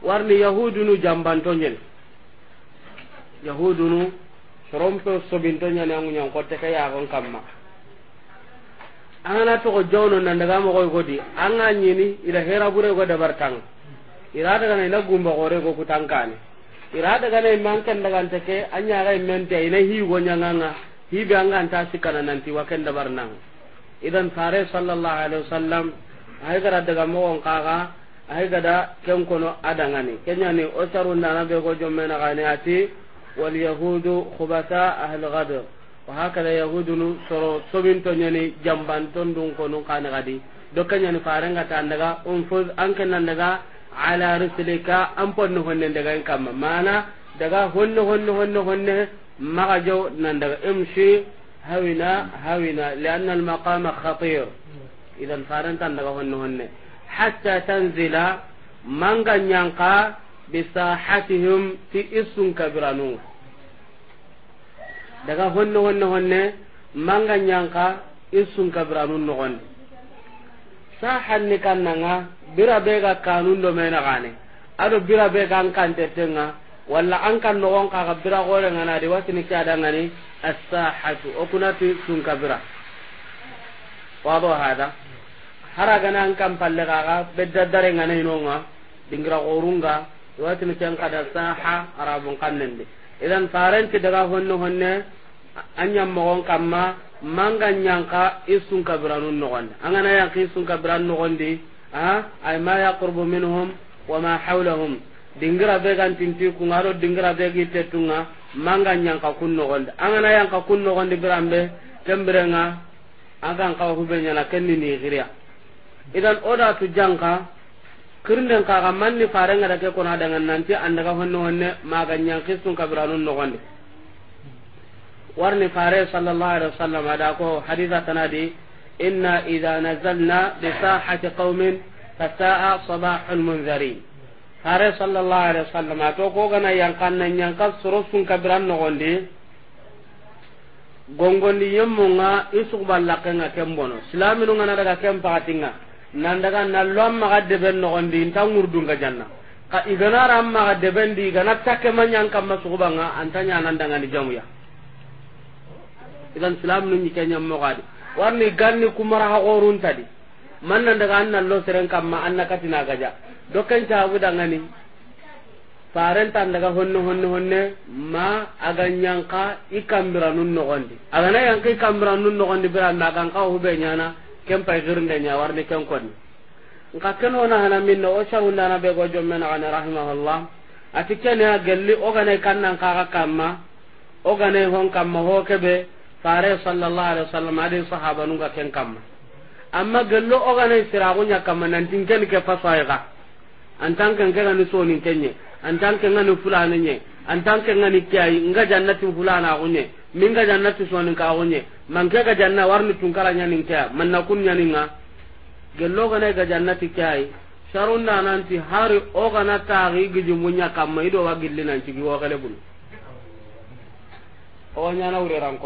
warni yahudunu jamban to nyen yahudunu sorompe sobin to nyen angu nyen ko te kaya gon kamma to togo jawno nan daga mo koy godi anga nyini ila hera bure go dabar tang ira daga na gumba gore go kutankani ira daga ne man kan daga ke anya ga men te ina hi go nyanganga hi be nga anta sikana nanti wa kan dabar nan idan fare sallallahu alaihi wasallam ay gara daga mo on kaga ay da ken kono adangani kenya ni o saru na be go men na ni ati wal yahudu khubata ahl ghadr wa hakala yahudunu soro sobin to nyani jamban ton dun kan ga di do kenya ni fare ta daga on fuz an kan daga. ala rusulika an ponno honne daga en kamma mana daga honno honno honno honne maga jaw nan daga imshi hawina hawina lianna al maqama khatir idan faran tan daga honno honne hatta tanzila manga nyanka bisahatihim ti isun kabiranu daga honno honno honne manga nyanka isun kabiranu nogonde sahan ni kannanga bira be ga kanun do mena gane ado bira be ga kan tetenga wala an kan no on ka ga bira gore ngana de wasini ka da ngani as-sahatu o kuna kunati sun ka kabira wado hada haraga an kan palle ga ga bedda dare ngana ino nga dingra gorunga wasini kan kada saha arabun kannende idan ti daga honno honne anyam mogon kamma manga nyanka isun kabira nun nogonde angana ka isun kabira nogonde ay ma yaqrubu minhum wa ma hawlahum dingira be gan tinti ku ngaro dingira be gi tetunga manga ka kunno gonde angana ka kunno gonde birambe tembrenga agan ka hubbe nyala kenni ni giriya idan oda tu jangka kirnden ka ga manni farenga da ke kona dangan nanti ka honno honne maga nyangki sun kabranun no gonde warni fare sallallahu alaihi wasallam ada ko haditha tanadi إنا إذا نزلنا بساحة قوم فساء صباح المنذرين هاري صلى الله عليه وسلم أتوقوغنا ينقلنا ينقل سرس كبران نغندي gongondi yemmunga isuguballaqenga ken bono silaminunga nadaga ken pakatinga nandaga nallo an maga deben nogondi inta ŋurdunga janna ka iganara an maga debendi igana takemanyan kamma sugubanga anta ñanandangani jamuya igan silaminu ñikenyammogoadi warni ganni kumara ha gorun tadi man nan daga annan lo seren kamma anna katina gaja dokken tabu dangani faren tan daga honne honne honne ma aga nyanka ikambira nun nogondi aga na yanka ikambira nun nogondi biranda aga hu hube nyana kem pay girnde nya warni ken konni nka ken na hana min minno o sharunda na be gojo men ana rahimahullah ati ken ya gelli o ga ne kannan ka kamma o ga ne hon kamma ho kebe fare sallallahu alaihi wasallam adi sahaba nun ga ken kamma amma gello o ganai siragu nya kamma nan tin ken ke fasaiga antan ken ken ni so nin kenye antan ken ngani fulana nye antan ken ngani kiyai nga jannati fulana gunye min ga jannati so nin ka gunye man ke ga janna warni tun kala nya nin kya man na kun nya nin nga gello ganai ga jannati kiyai sarunda nanti hari o gana taagi gijumunya kamma ido wa gilli nan cigi wo kale bulu o nya na ure ran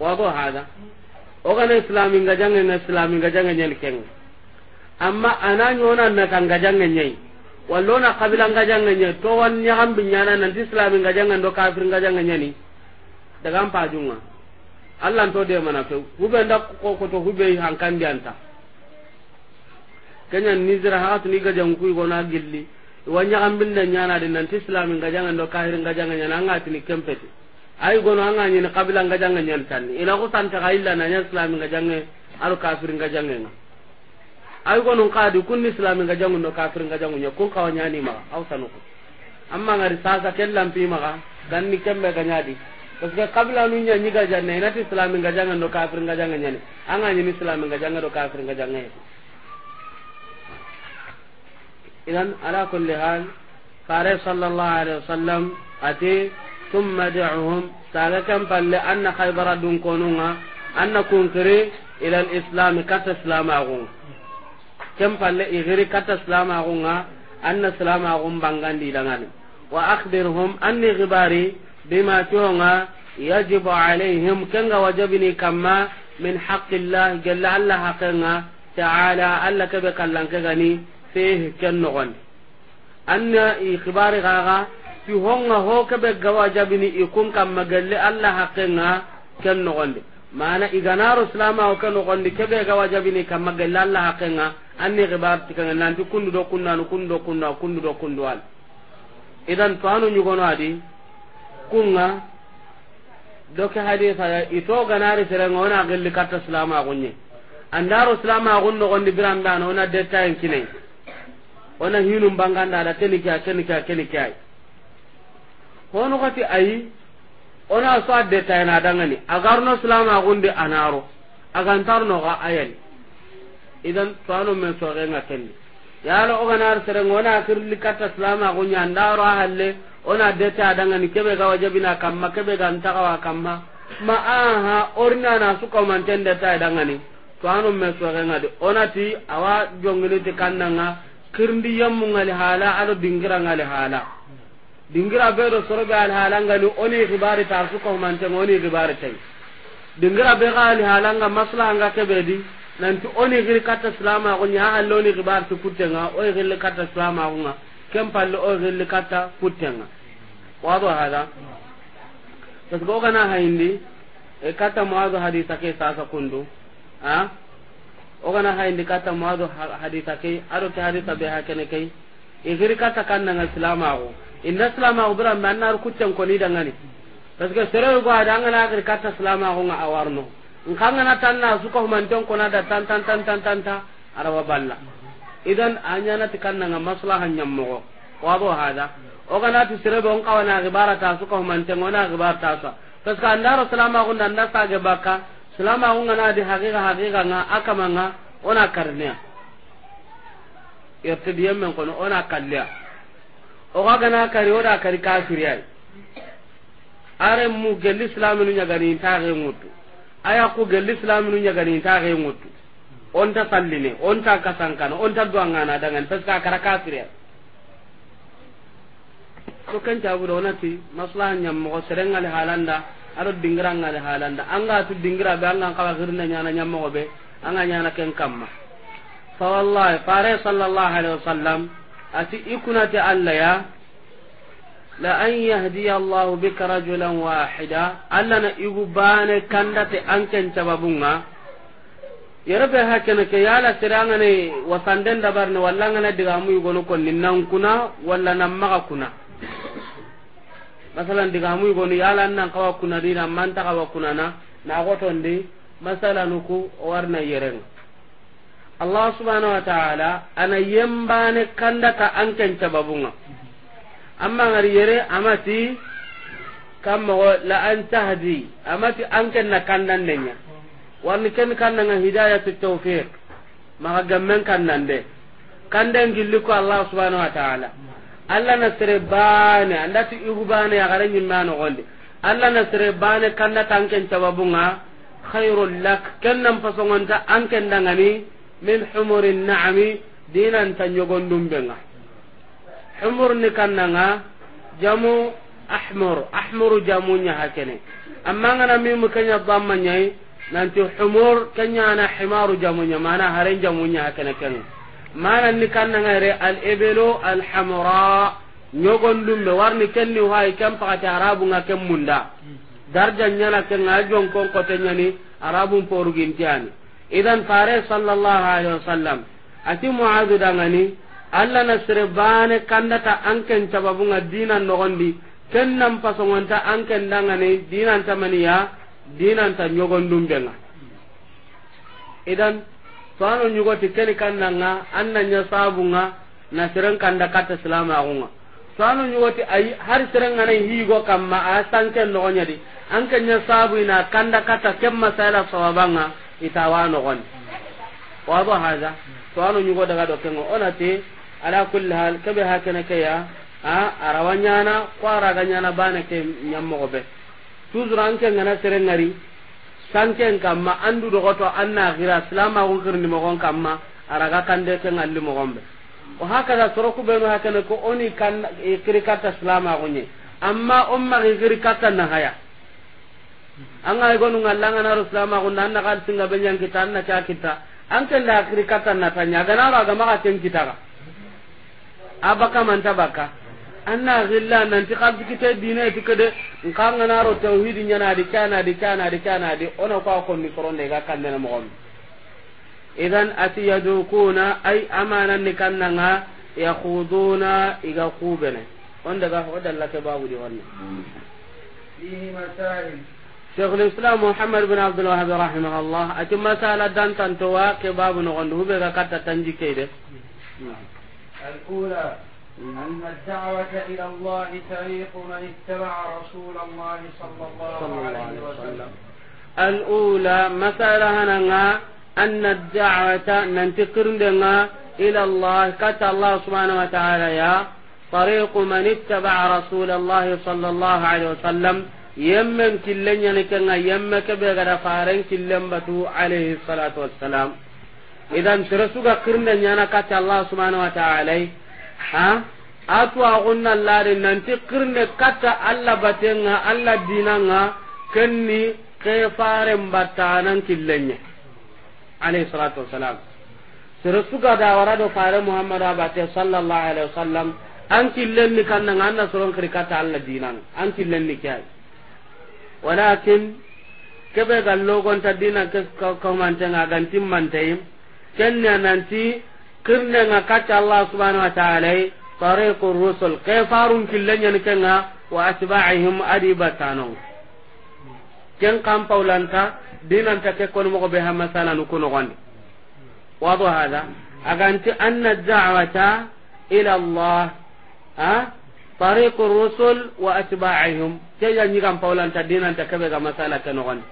wago hada ogana islami nga jange na islami nga jange nyel ken amma ananyo na na kanga jange nyai wallo na kabila nga jange nyai to wan nyam binyana na islami nga jange ndo kafir nga jange nyani daga pa junga Allah to de mana fe hube nda ko ko to hube hankan anta kenya zira hatu ni ga jangu ko na gilli wanya bin da nyana de nan islami nga jange ndo kafir nga jange nyana ngati ni kempeti ay gono anga ni qabila nga jangan nyen tan ila ko tan ta illa na nyen islam nga jangan al kafir nga jangan ay gono qadi kun islam nga jangan no kafir nga jangan ko kawanya ni ma aw sanuko amma ngari sasa kellam pi ma ganni kembe ganyadi parce que kabila nu nya nyiga janne ti islam nga jangan no kafir nga jangan nyen anga ni islam nga jangan do kafir nga jangan idan ala kulli hal fare sallallahu alaihi wasallam ati ثم دعهم ساغا كم بل أن خيبر دون كونونا أن كنكري إلى الإسلام كت إسلام أغون كم بل إغري كت إسلام أغون أن إسلام أغون بانغان دي لغاني وأخبرهم أني غباري بما تونا يجب عليهم كن وجبني كما من حق الله جل الله حقنا تعالى الله كبك لنكغني فيه كنغن أن إخباري غاغا ti honga ho kebe jabini ikum kam magalle allah haqqinga ken gonde mana igana slama o ken nogondi kebe jabini kam magalle allah haqqinga anni gibar tikanga nanti kundu do no kundu do kunna kundu do kundu wal idan to anu nyugono adi kunga doke hadisa ya ito ganari serenga ona gelli katta slama gunye andaro slama biranda no na ona en kinai ona hinum banganda da tenikia tenikia tenikia kono kati ayi ona so adde tayna dangani agarno salama gunde anaro agantarno ga ayani idan tuano men so ga ngatenni yalo ganar sere ngona kirli kata salama gunya ndaro halle ona deta dangani kebe ga wajabina kamma kebe ga ntaka wa kamma ma aha orna na su suka mantende tay dangani tuano men so ga ngade ti awa jongle te kannanga kirndi yammu ngali hala ado dingira ngali hala dingira soro be an halanga ni oni gibari tar su ko man tan oni gibari tan dingira be ga al halanga maslaha nga kebedi to oni gir kata salama ko nya hallo ni gibari tu kutenga o gir kata salama ko nga kem pallo o gir kata kutenga wado hada to go ha indi e kata muadu hadisa ke sa kundu ha o kana haindi kata muadu hadisa ke aro ta hadisa be hakene kai e gir kata kan nga salama ko inda slama ubran man nar kutten ko ni dangani parce que sere go ada ngana agir kata salama ko nga awarno kanga na tanna ko man don ko na da tan tan tan tan tan ta arwa balla idan anyana tikanna nga maslahan nyammo wa do hada o kana ti sere bon kawana gibara ta ko man tan wana gibara ta sa parce que andaro salama ko nan da sa ge baka salama ko na di hakika haqiqa nga akamanga ona karniya diyam men kono ona kallia oga gana kari oda kari kafiri ay are mu gelli islamu nu nyagani ta ge ngutu aya ku gelli islamu nu nyagani ta ngutu on ta salline on ta kasankana on ta duangana dangan peska kara kafiri ay to kan ta buru onati maslahan nyam mo serengal halanda aro dingira ngale halanda anga tu dingira be anga kala girna nyana nyam mo be anga nyana ken kamma fa wallahi fare sallallahu alaihi wasallam ati ikunati alla ya la an yahdiya allahu bika rajulan wahida alla na igu bane kandate anken cababunga yerebe hakene ke yala ne wasanden dabarne walla ngana digamu yugonu konni kuna walla maka kuna masalan digamu yugonu yala nan kawa kuna dina manta kawa kunana di masalan ku warna yereng allah subhanahu wa ta'ala ana yembane kandaka anken cababunga amma ngari yere amati kammogo la an tahdi amati anken na kandan nenya warni ken kannanga hidayatu tawfiq maga gammen Kan kanden gilli ko allah subhanahu wa ta'ala allah na sere bane andati ugu bane yagara ñimmano gondi allah na sere bane kandata anken cababunga khairul lak ken nan pasongonta anken dangani min humuri na'ami dinan ta nyogondum nga humur ni kannanga jamu ahmur ahmuru jamu nya hakene amma ngana mimu kanya dhamma nyai nanti humur kanya na himaru jamu nya mana haren jamu nya hakene ken mana ni kannanga re al ebelo al hamra nyogondum be warni kenni hay kam pakata arabu nga kem munda darja nyana ken ajon kon kote nyani arabu porugintiani idan fare sallallahu alaihi wasallam ati muadu dangani alla na sere bane kandata anken tababu nga dinan nogondi ken nam pasongonta anken dangani dinan tamaniya dinan ta nyogondum benga idan tano nyugoti keni kandanga anna nya sabunga na sereng kanda kata salama agunga tano nyugoti ay har sereng ngane higo kamma asanken nogonyadi anken nya sabu ina kanda kata kemma sala sawabanga so gon wa ba haza to anu nyugo daga do kengo onati ala kulli hal keɓe ha kene keya a arawanya na ko araga na bana ke ñammogo ɓe toujours an kengana serengari sanken kamma andu salama an naxira mo gon kamma araga kande ke ngallimogon ɓe o haka ko soroku ɓenu haka kene ko oni kiri go ni amma umma maxi kiri na haya. anga igonu ngallanga na ruslama kunna na kal singa yang kita na cha kita anke la akri kata na tanya gana ra ga maka ten kita ga abaka man ta baka anna gilla nan ti kal kita dina ti kede ngkanga na ro tauhid nya na di kana di kana di kana di ona ko ko ni koronde ga kan na mo idan yadukuna ay amana ni ya khuduna iga kubene on daga hodalla ke babu di wonni fihi masail شيخ الاسلام محمد بن عبد الوهاب رحمه الله اتم مساله دان تنتوا كباب نغند هو بغا كتا تنجي كيده نعم. الاولى أن الدعوة إلى الله طريق من اتبع رسول الله صلى الله عليه وسلم الأولى مسألة هنا أن الدعوة ننتقر إلى الله كتا الله سبحانه وتعالى يا طريق من اتبع رسول الله صلى الله عليه وسلم yemmen kille nyani kenga yemme kebe gada faren killen batu alayhi salatu wassalam idan suga kirnde nyana kati allah subhanahu wa ta'ala ha atu agunna lare nanti kirnde kata allah batenga allah dinanga kenni ke nan batanan killenya alayhi salatu wassalam suga da warado fare muhammadu abate sallallahu alaihi wasallam an killenni kannanga anna soron kirkata allah dinanga an ni kai walakin kebe gallo gonta dina ke kaumante nga gantim mantayim kenya nanti kirne nga kacca allah subhanahu wa ta'ala tariqu rusul ke farun killenya ni wa asba'ihim adibatano ken kam paulanta dinan ta ke kono mo be ha masala nu kono gonde wa do hada aganti anna da'wata ila allah ha طريق الرسل واتباعهم كي ينيغام باولان تدينا تكبه كما سالك نغني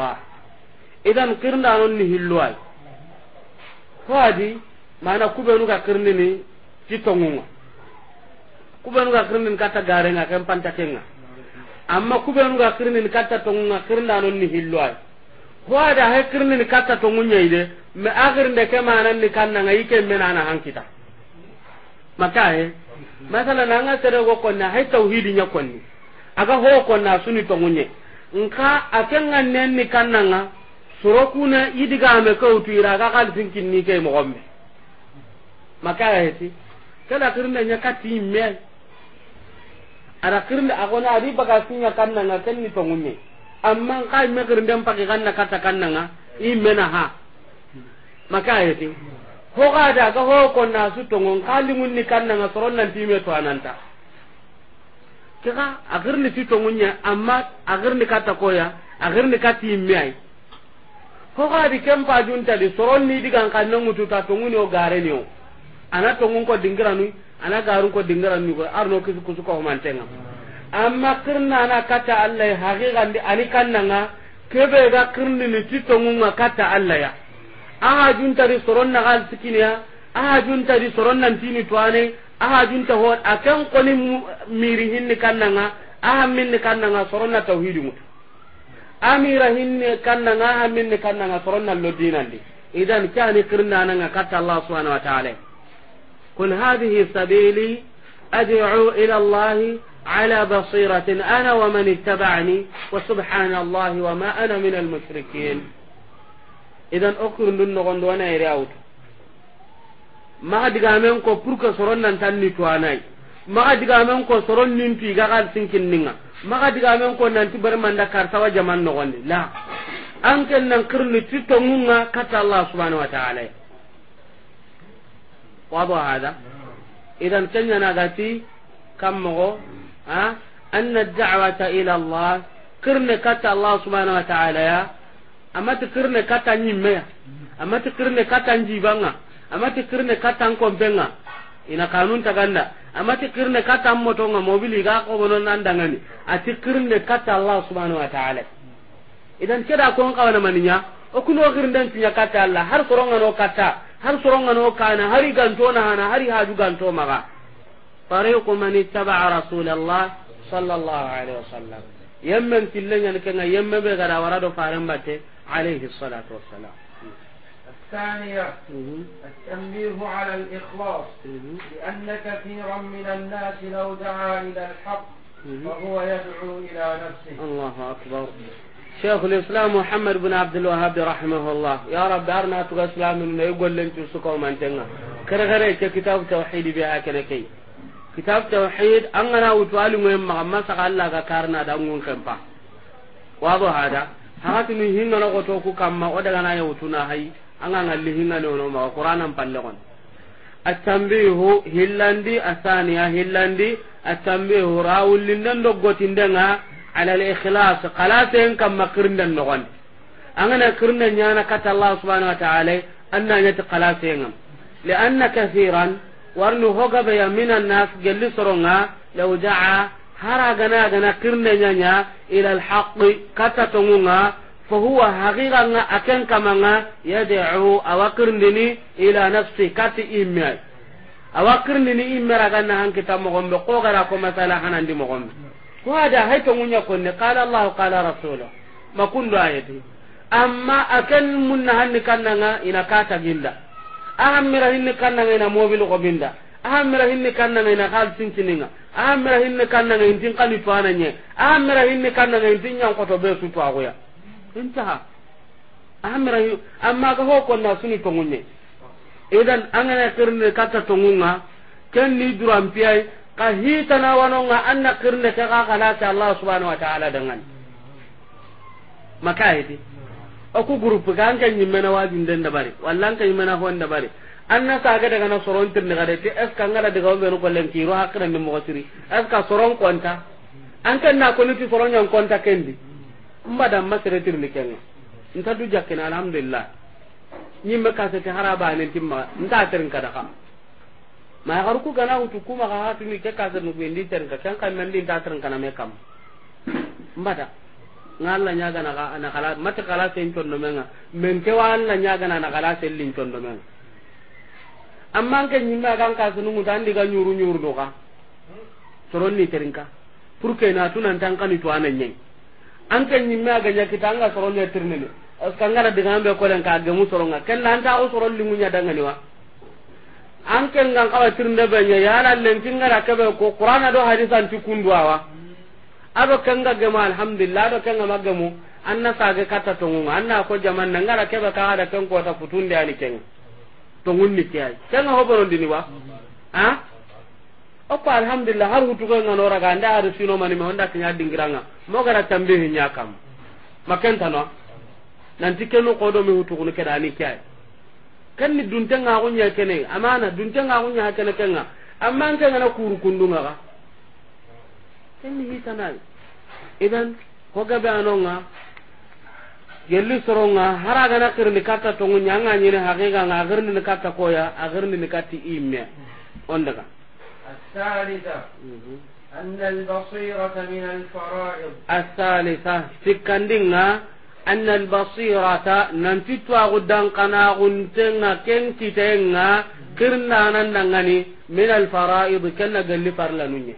warni idan kirnda non ni hilluwai ko adi mana kubenu ga kirnini titongunga kubenu ga kirnini kata garenga kan pantakenga amma kubenu ga kirnini kata tongunga kirnda non ni hilluwai ko ada he kirnini kata tongunya ide me agirnde ke mana ni kannanga ike menana hankita maka he masala nanga tere go konna hay tauhidi nya konni aga ho konna suni tongunye nka akenga nenni kannanga sorokuna idigame kewtuira ga kalfin kinni ke mogonɓe makaya heti kela kirnde ña katti imme ada kirnde agona adi baga siña kannanga kenni tonguñe amma nka imme kirnden paki kanna kata kanna nga kannanga immena ha makaya heti hogaada ga ho konna su tongo nka kanna nga soron nanti ime to ananta kika agirni ti tonguña amma agirni katta koya agirni katti imme ay ko gadi di pajuntadi soronni digan kanne ŋututa tonguni o y'o ana ngun ko dingiranu ana garun ko dingiranu ko arno kisu kusu ko tenga amma kirna na kata allah haqiqandi ani nga kebe ga kirni ni ma kata allah ya aha soron na gal ya aha tini to twane aha junta ho akan koni miri hinni kannanga aha minni nga soron na ŋutu amira hinne kanna nga haminne kanna nga na lo dinandi idan kani kirna nga katta allah subhanahu wa ta'ala kul hadhihi sabili ad'u ila allah على بصيرة أنا ومن ana وسبحان الله وما أنا من المشركين إذا أكرن دون نغند وانا يرياوت maxa digamen ko pour que soron nantan nitu anay maxa digamen ko soron nintu iga xal sinkinninga maka diga men ko nan ti da kar sawa jaman no gonde la an ken nan kirni ti to munga kata allah subhanahu wa ta'ala ba hada idan kenya na gati kam mo ha anna da'wata ila allah kirni kata allah subhanahu wa ta'ala ya amma ti kirne kata nyimme amma ti kirne kata njibanga amma ti kirne kata nkombenga ina kanun ganda amma tikirne kata moto nga mobili ga ko bonon nan dangani atikirne kata Allah subhanahu wa ta'ala idan kada ko on kawana maninya o kuno girndan tinya kata Allah har koronga no kata har soronga no kana hari ganto na hana hari haju ganto maga tariqu man ittaba'a rasulullah sallallahu alaihi wasallam yemmen tillenya ne kenga yamma be gara warado faran batte alaihi salatu wassalam الثانية التنبيه على الإخلاص لأن كثيرا من الناس لو دعا إلى الحق فهو يدعو إلى نفسه الله أكبر شيخ الإسلام محمد بن عبد الوهاب رحمه الله يا رب أرنا تو إسلام من يقول لك تسكوا من تنغى كرغري كتاب توحيد بها كنكي كتاب توحيد أننا وتوال مهم ما سقال لها كارنا دعون كمبا واضح هذا hakatini هنا ku kamma o daganaye يوتنا hay anga ngalli hinna lewono maga qur'anan palle gon attambihu hillandi asaniya hillandi attambihu rawullinden doggotindenga ala al-ikhlas qalaten kam makirnden nogon angana kirnden nyana kata allah subhanahu wa ta'ala anna nyati qalaten لأن كثيرا warni hogabe ya minan nas gelli soronga law jaa hara gana gana kirne nyanya ila alhaqi kata tongunga فهو حقيقة أكن كما يدعو أوكرنني إلى نفسي كاتي إمي أوكرنني إمي رغانا هن كتاب مغمب قوغرا كما سلاحنا عندي مغمب وهذا هيتم يكون قال الله قال رسوله ما كن آيتي amma akan munna hanni kannanga ina kata ginda ahammira hinni kannanga ina mobil gobinda ahammira hinni kannanga ina hal sinkininga ahammira hinni kannanga intin kani tuananye ahammira hinni kannanga intin nyankoto be sutu agoya intaha amra yu amma ga ho ko na suni to munne idan angana kirne kata to ngunga ken ni duram piyai ka hita na wanonga anna kirne ka ka kana ta Allah subhanahu wa ta'ala dangan maka hidi aku grup kan kan nyimena wajin den da bare wallan kan nyimena hon da bare anna saga daga na soron tirni gade te es ka ngala daga wobe no kollen kiro hakran ni mo siri es ka soron konta an kan na ko ni soron yan konta kendi mbada dan masere tirni kenga nta du jakkina alhamdulillah nyimme kasete haraba ne timma nta terin kada kam ma har ku gana utu kuma ka hatu ni ke kase no bendi ter ka kan kan men din ta terin kana me kam mbada ngalla nya gana ga ana kala mata kala sen tondo menga men ke walla nya gana na kala sen lin tondo menga amma ke nyimba kan kasar no mutan diga nyuru nyuru do ka toron ni terin ka pour que na tunan tan kan itu anan nyai an kan nyimme aga kita anga soro ne tirnini kangara diga ambe ko len ka ga mu soro nga ken la ta o soro lingu nya danga ni wa an kan ngan kawa tirnde be nya ya la len tingara ka be ko qur'ana do hadisan ti kundwa wa ado kanga ga ma alhamdulillah ado kanga magamu anna sage kata tongu anna ko jaman nangara ke be ka ada ken ko ta futunde ani ken tongun ni kiyai ken ho boron dini wa ha opa alhamdulillah har hutu koy ngano raga anda ari sino mani me onda kinya dingiranga mo gara tambihi nya kam maken tano nanti kenu kodo me hutu kunu kedani kya kan ni dunte nga ko nya kene amana dunte nga ko nya kene kenga amma an kenga na kuru nga ga kan ni hitanal idan ko gabe anonga yelli soronga hara gana kirni katta tongu nyanga nyine hakika nga ni katta koya ni katti imme ondaga الثالثة أن البصيرة من الفرائض الثالثة سكندنا أن البصيرة ننتتوا غدان قنا غنتنا كنتتنا كرنا نندغني من الفرائض كنا قل فرلنوني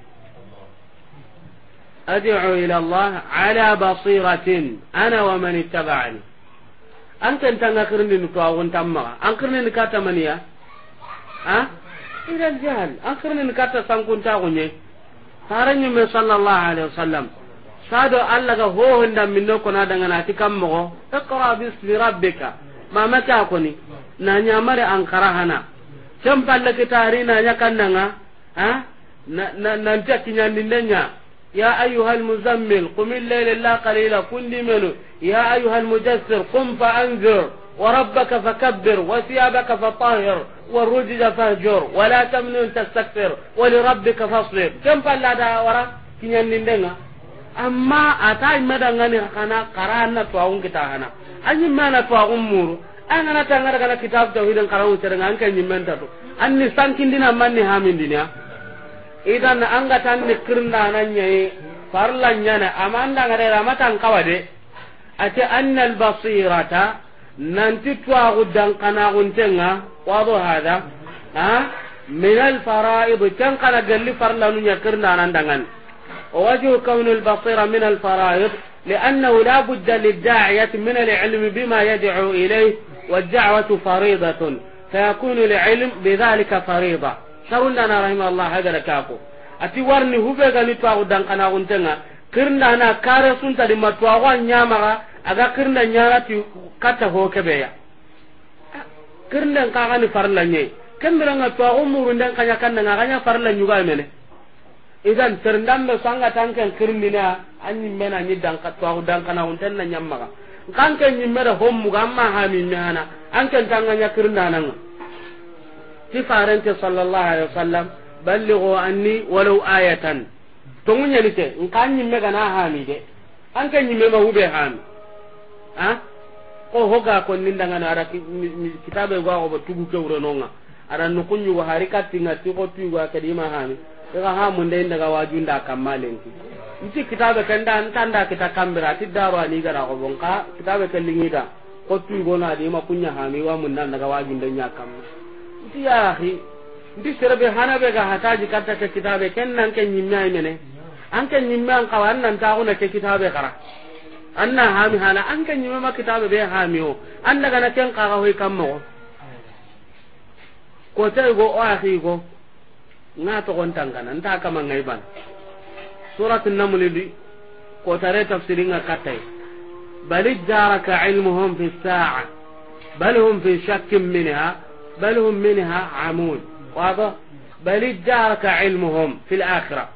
أدعو إلى الله على بصيرة أنا ومن اتبعني أنت أنت نكرني نتوا غنتما أنكرني نكاتمنيا ها أه؟ ila aljahal akirnin katta sankuntaxuñe me sallallahu alaihi wasallam sado allah ga hohonda minno kona danganati kam mogo iqra bismi rabbika mama ke a koni na ñamare ankara hana ken palle na na kannanga a nanta kiñandindeña ya ayuha muzammil qumi lleila illa qalila kundi melu ya ayuha mujassir qum fa anzir وربك فكبر وثيابك فطهر والرجز فاهجر ولا تمنن تستكثر ولربك فاصبر كم فلا دا ورا كنيان نندنا amma atai madangani kana karana to awun kita hana anyi mana to awun muru an ana tangara kana kitab tauhidin karawu tereng an kan nyimmen tatu an ni sankin dina man ni hamin dina idan an ga tan ni kirna nan yayi farlan yana amanda ngare ramatan kawade basirata nanti twaxu dankanaxuntenga wado hada a min alfaraid ken kana gelli farlanu ñakirndanandangani ووجه كون البصيرة من الفرائض لأنه لا بد للداعية من العلم بما يدعو إليه والدعوة فريضة فيكون العلم بذلك فريضة شر لنا رحمه الله هذا لكاكو أتي ورني هو بيغا نتواغو دانقنا غنتنا كرنا أنا كارسون تدي متواغو نيامغا aga kirnda ñanati kata ho keɓeya ka gani farla ñe kembiranga ndan kanya kaña kannanga agaña farla nyuga mene idan terndambe sanga tanken dan a to ñi danka kana unten na ñammaga nkanke ñimmere ga ma ha mimme hana anken tanga ña nga ti farante sallallahu alaihi wasallam ballighu anni walau ayatan kan ni mega na ha hami de anke ñimme ma ha hami a ko hoga ko ninda ngana ara kitabe go go tugu ke nonga ara no kunyu go hari katinga ti ko tugu ga kadima hani daga ha mun dai nda kamale nti nti kitabe kanda antanda kita kambira ti daro ani gara go bonka kitabe da ko tugo na di ma kunya hani wa mun nan daga nda nya kam Nti ya akhi nti serebe hanabe ga hataji katta ke kitabe kennan ken nyimmai ne an ken an kawan nan ta ke kitabe kara anna hami hana an kan nyima ma kitabe be hami o an daga na ken kaga hoy kam mo ko tay go o akhi go na to kon tangana nta kama ngai ban naml ko tare tafsirin ga katay bal jaraka ilmuhum fi sa'a bal hum fi shakkin minha bal hum minha wada bal jaraka ilmuhum akhirah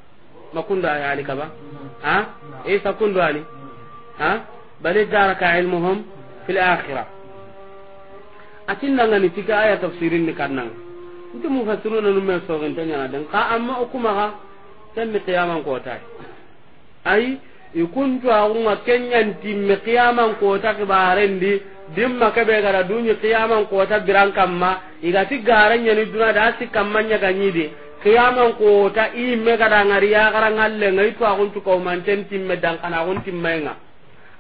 ma ayalika ba ha ali ha bal jaraka ilmuhum fil akhirah atinna ngani tika aya tafsirin ni kannan nti mufassiruna num me so ganta nyana dan ka amma ukuma ha tan mi qiyaman ko ta ai ikuntu aunga kenyan timme qiyaman ko ta ke barendi dimma ke be gara dunyi qiyaman ko ta biran kamma igati garanya ni duna da sikamma nya ganyidi qiyaman ko ta imme gara ngariya gara ngalle ngai to tu ko manten timme dan kana auntu menga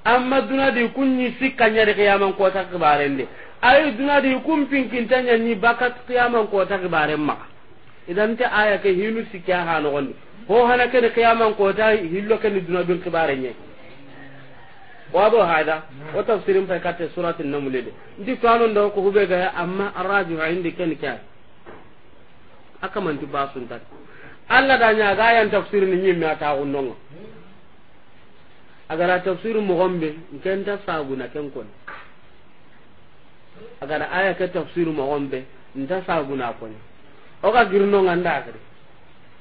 amma dunadi kunni sikkanyadi kiyaman kota kibarendi ayi dunadi kun pinkintanya ni bakat kiyaman kota kibaren maka idan ta aya ke hinu sikya ha nogondi ho hana ke kiyaman kota hillo ke ni dunadun kibarenye wado hada o tafsirin fa katte suratul naml de ndi kalon da ko hube ga amma arraju indi ken kya akamanti basun tat alla da nya ga yan tafsirin ni mi ata unnonga agara tafsir mogombe nkenta saguna ken kon agara aya ke tafsir mogombe nta saguna o ka girno nganda akri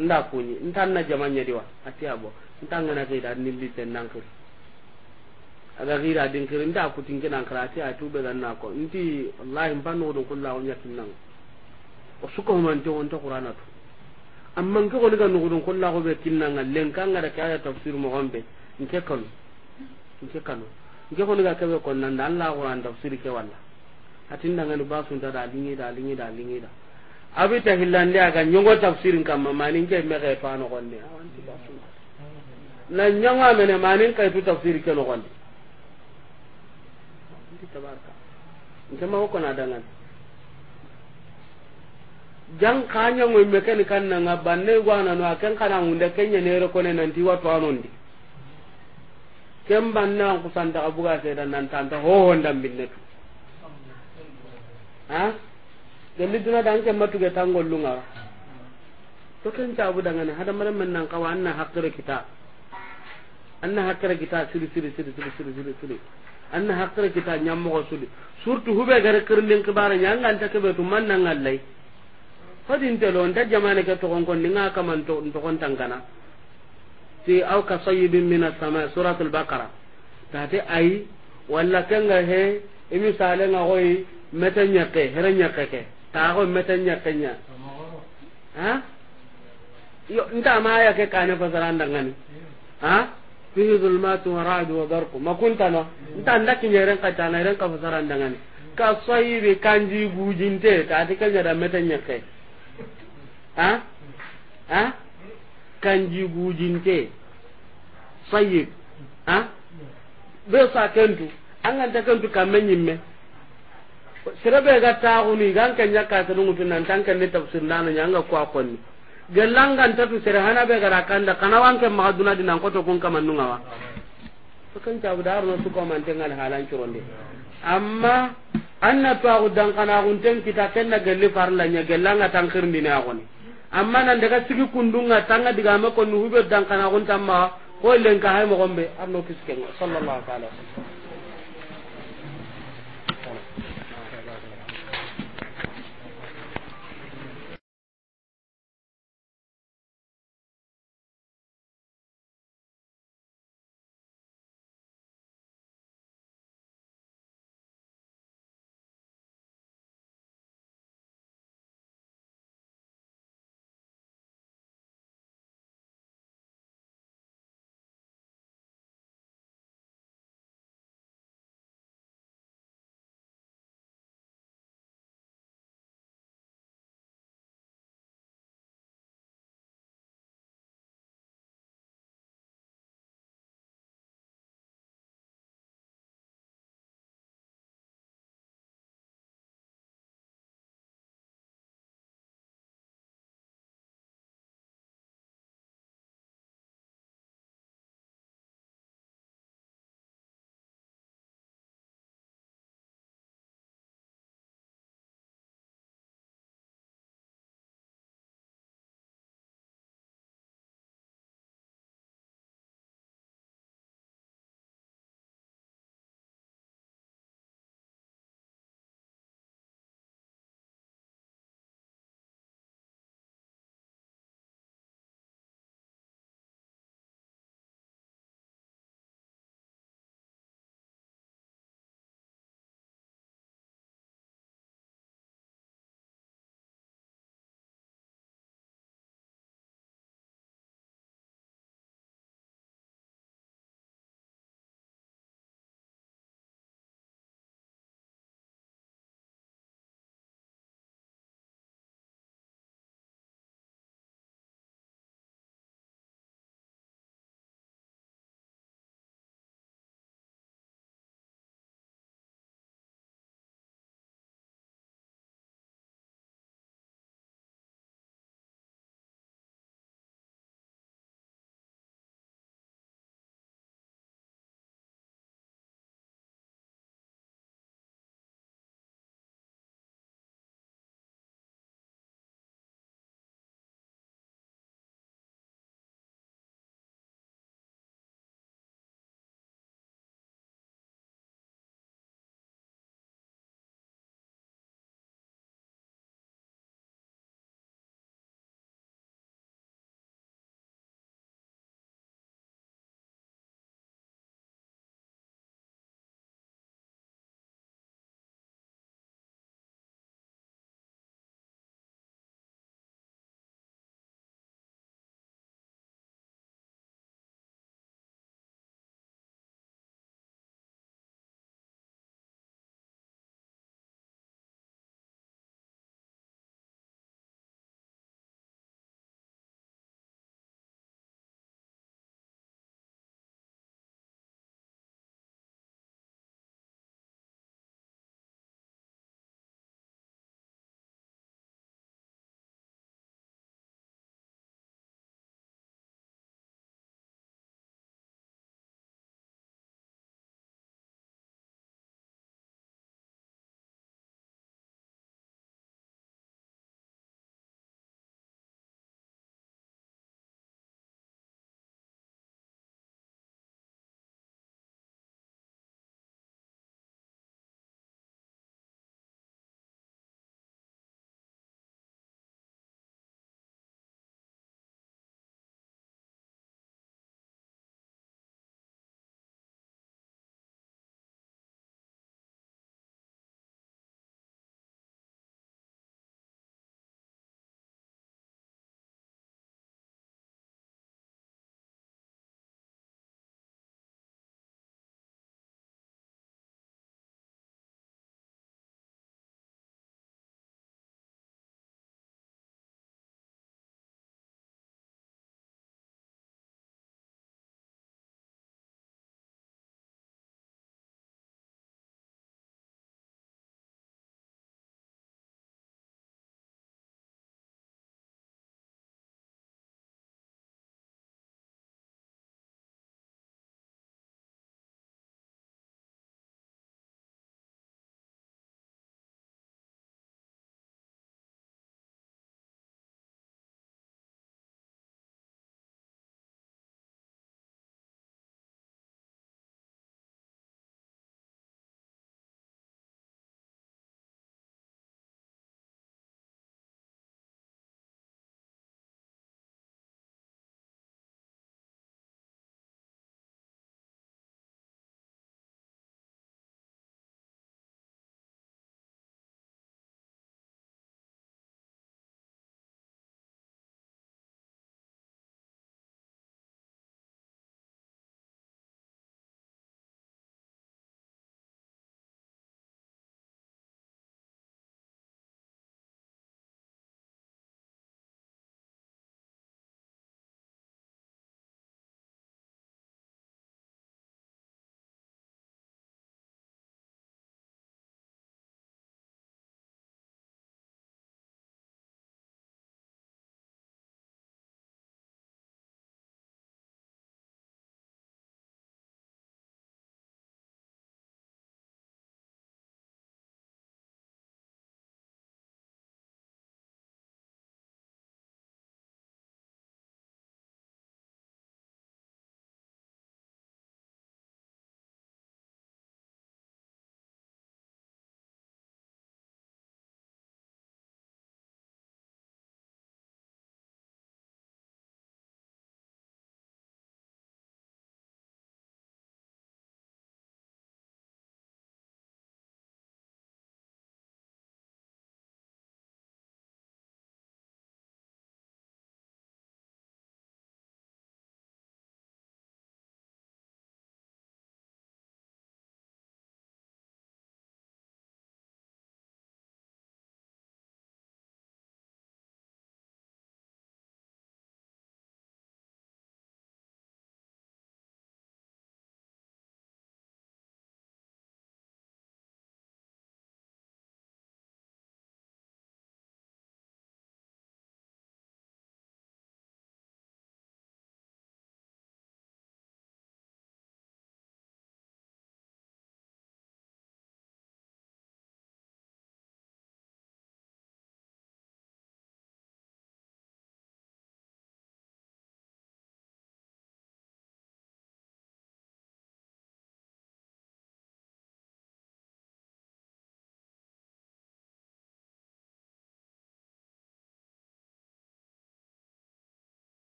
nda kunyi ntanna jamanya diwa ati abo ntangana ke da nilli tenang kri aga gira din kri nda an kenan a atu be na ko nti wallahi mbanu do kullahu nyatinang o suko man to on to qur'ana to amma ngi ko daga nugudun kullahu be kinnan ngallen kan ngara kaya tafsir mogombe nke kanu nke kanu nke koni ga kebe nan da Allah Qur'an tafsir ke wala atin da ngani ba sun da dalingi da dalingi da da abi ta hillande aga nyongo tafsirin kamma manin ke me ga fa no gonne awanti ba sun na nyonga mene mani kai tu tafsir ke no gonne ti tabarka nke ma ko na dangan jang kanya ngoi mekani kan na ngabane gwana no akan kana munde kenya ne rekone kone nanti watu anondi ken banna abuga se dan nan tanta ho hondan binne tu ha gelli duna dan ke matu ge tangol lunga to ken abuda ngana hada mara men nan kawa anna hakkere kita anna hakkere kita siri siri siri siri siri siri siri anna hakkere kita nyammo ko suli surtu hube gare kirlin kibara nyanga anta ke betu man nan allai fadin telo nda jamaane ke to gon kon ninga kaman to to kon tangana ti aw ka sayyibin min as-sama suratul baqara te ay wala kanga he imi sale nga hoy meta nyake hera nyake ke ta ho meta nyake nya ha yo nta ma ya ke kana fasaran dangani ha fihi zulmatu wa ra'd wa barq ma kunta no nta ndaki nyere ka na ren ka fasaran dangani ka sayyibi kanji bujinte ta te kanga da meta nyake ha ha kanji gujinte sayyid ha be sa kentu an ganta kentu kamme nyimme sirabe ga taxuni gan ke tan kan kenne tafsir ndano ñanga kuwa konni tu sere hana be gara kanda kana wanke maxa ko to kun kamannungawa soken cabudaruno halan halancuronde amma an na twaxu dankanaxunten kita kenna gelli farlaña gellanga tan xirndine axoni amma nan daga sigi kundunga tanga diga me ko nu hubbe dan kana gon tamma ko len ka hay mo gombe arno kiskenga sallallahu alaihi wasallam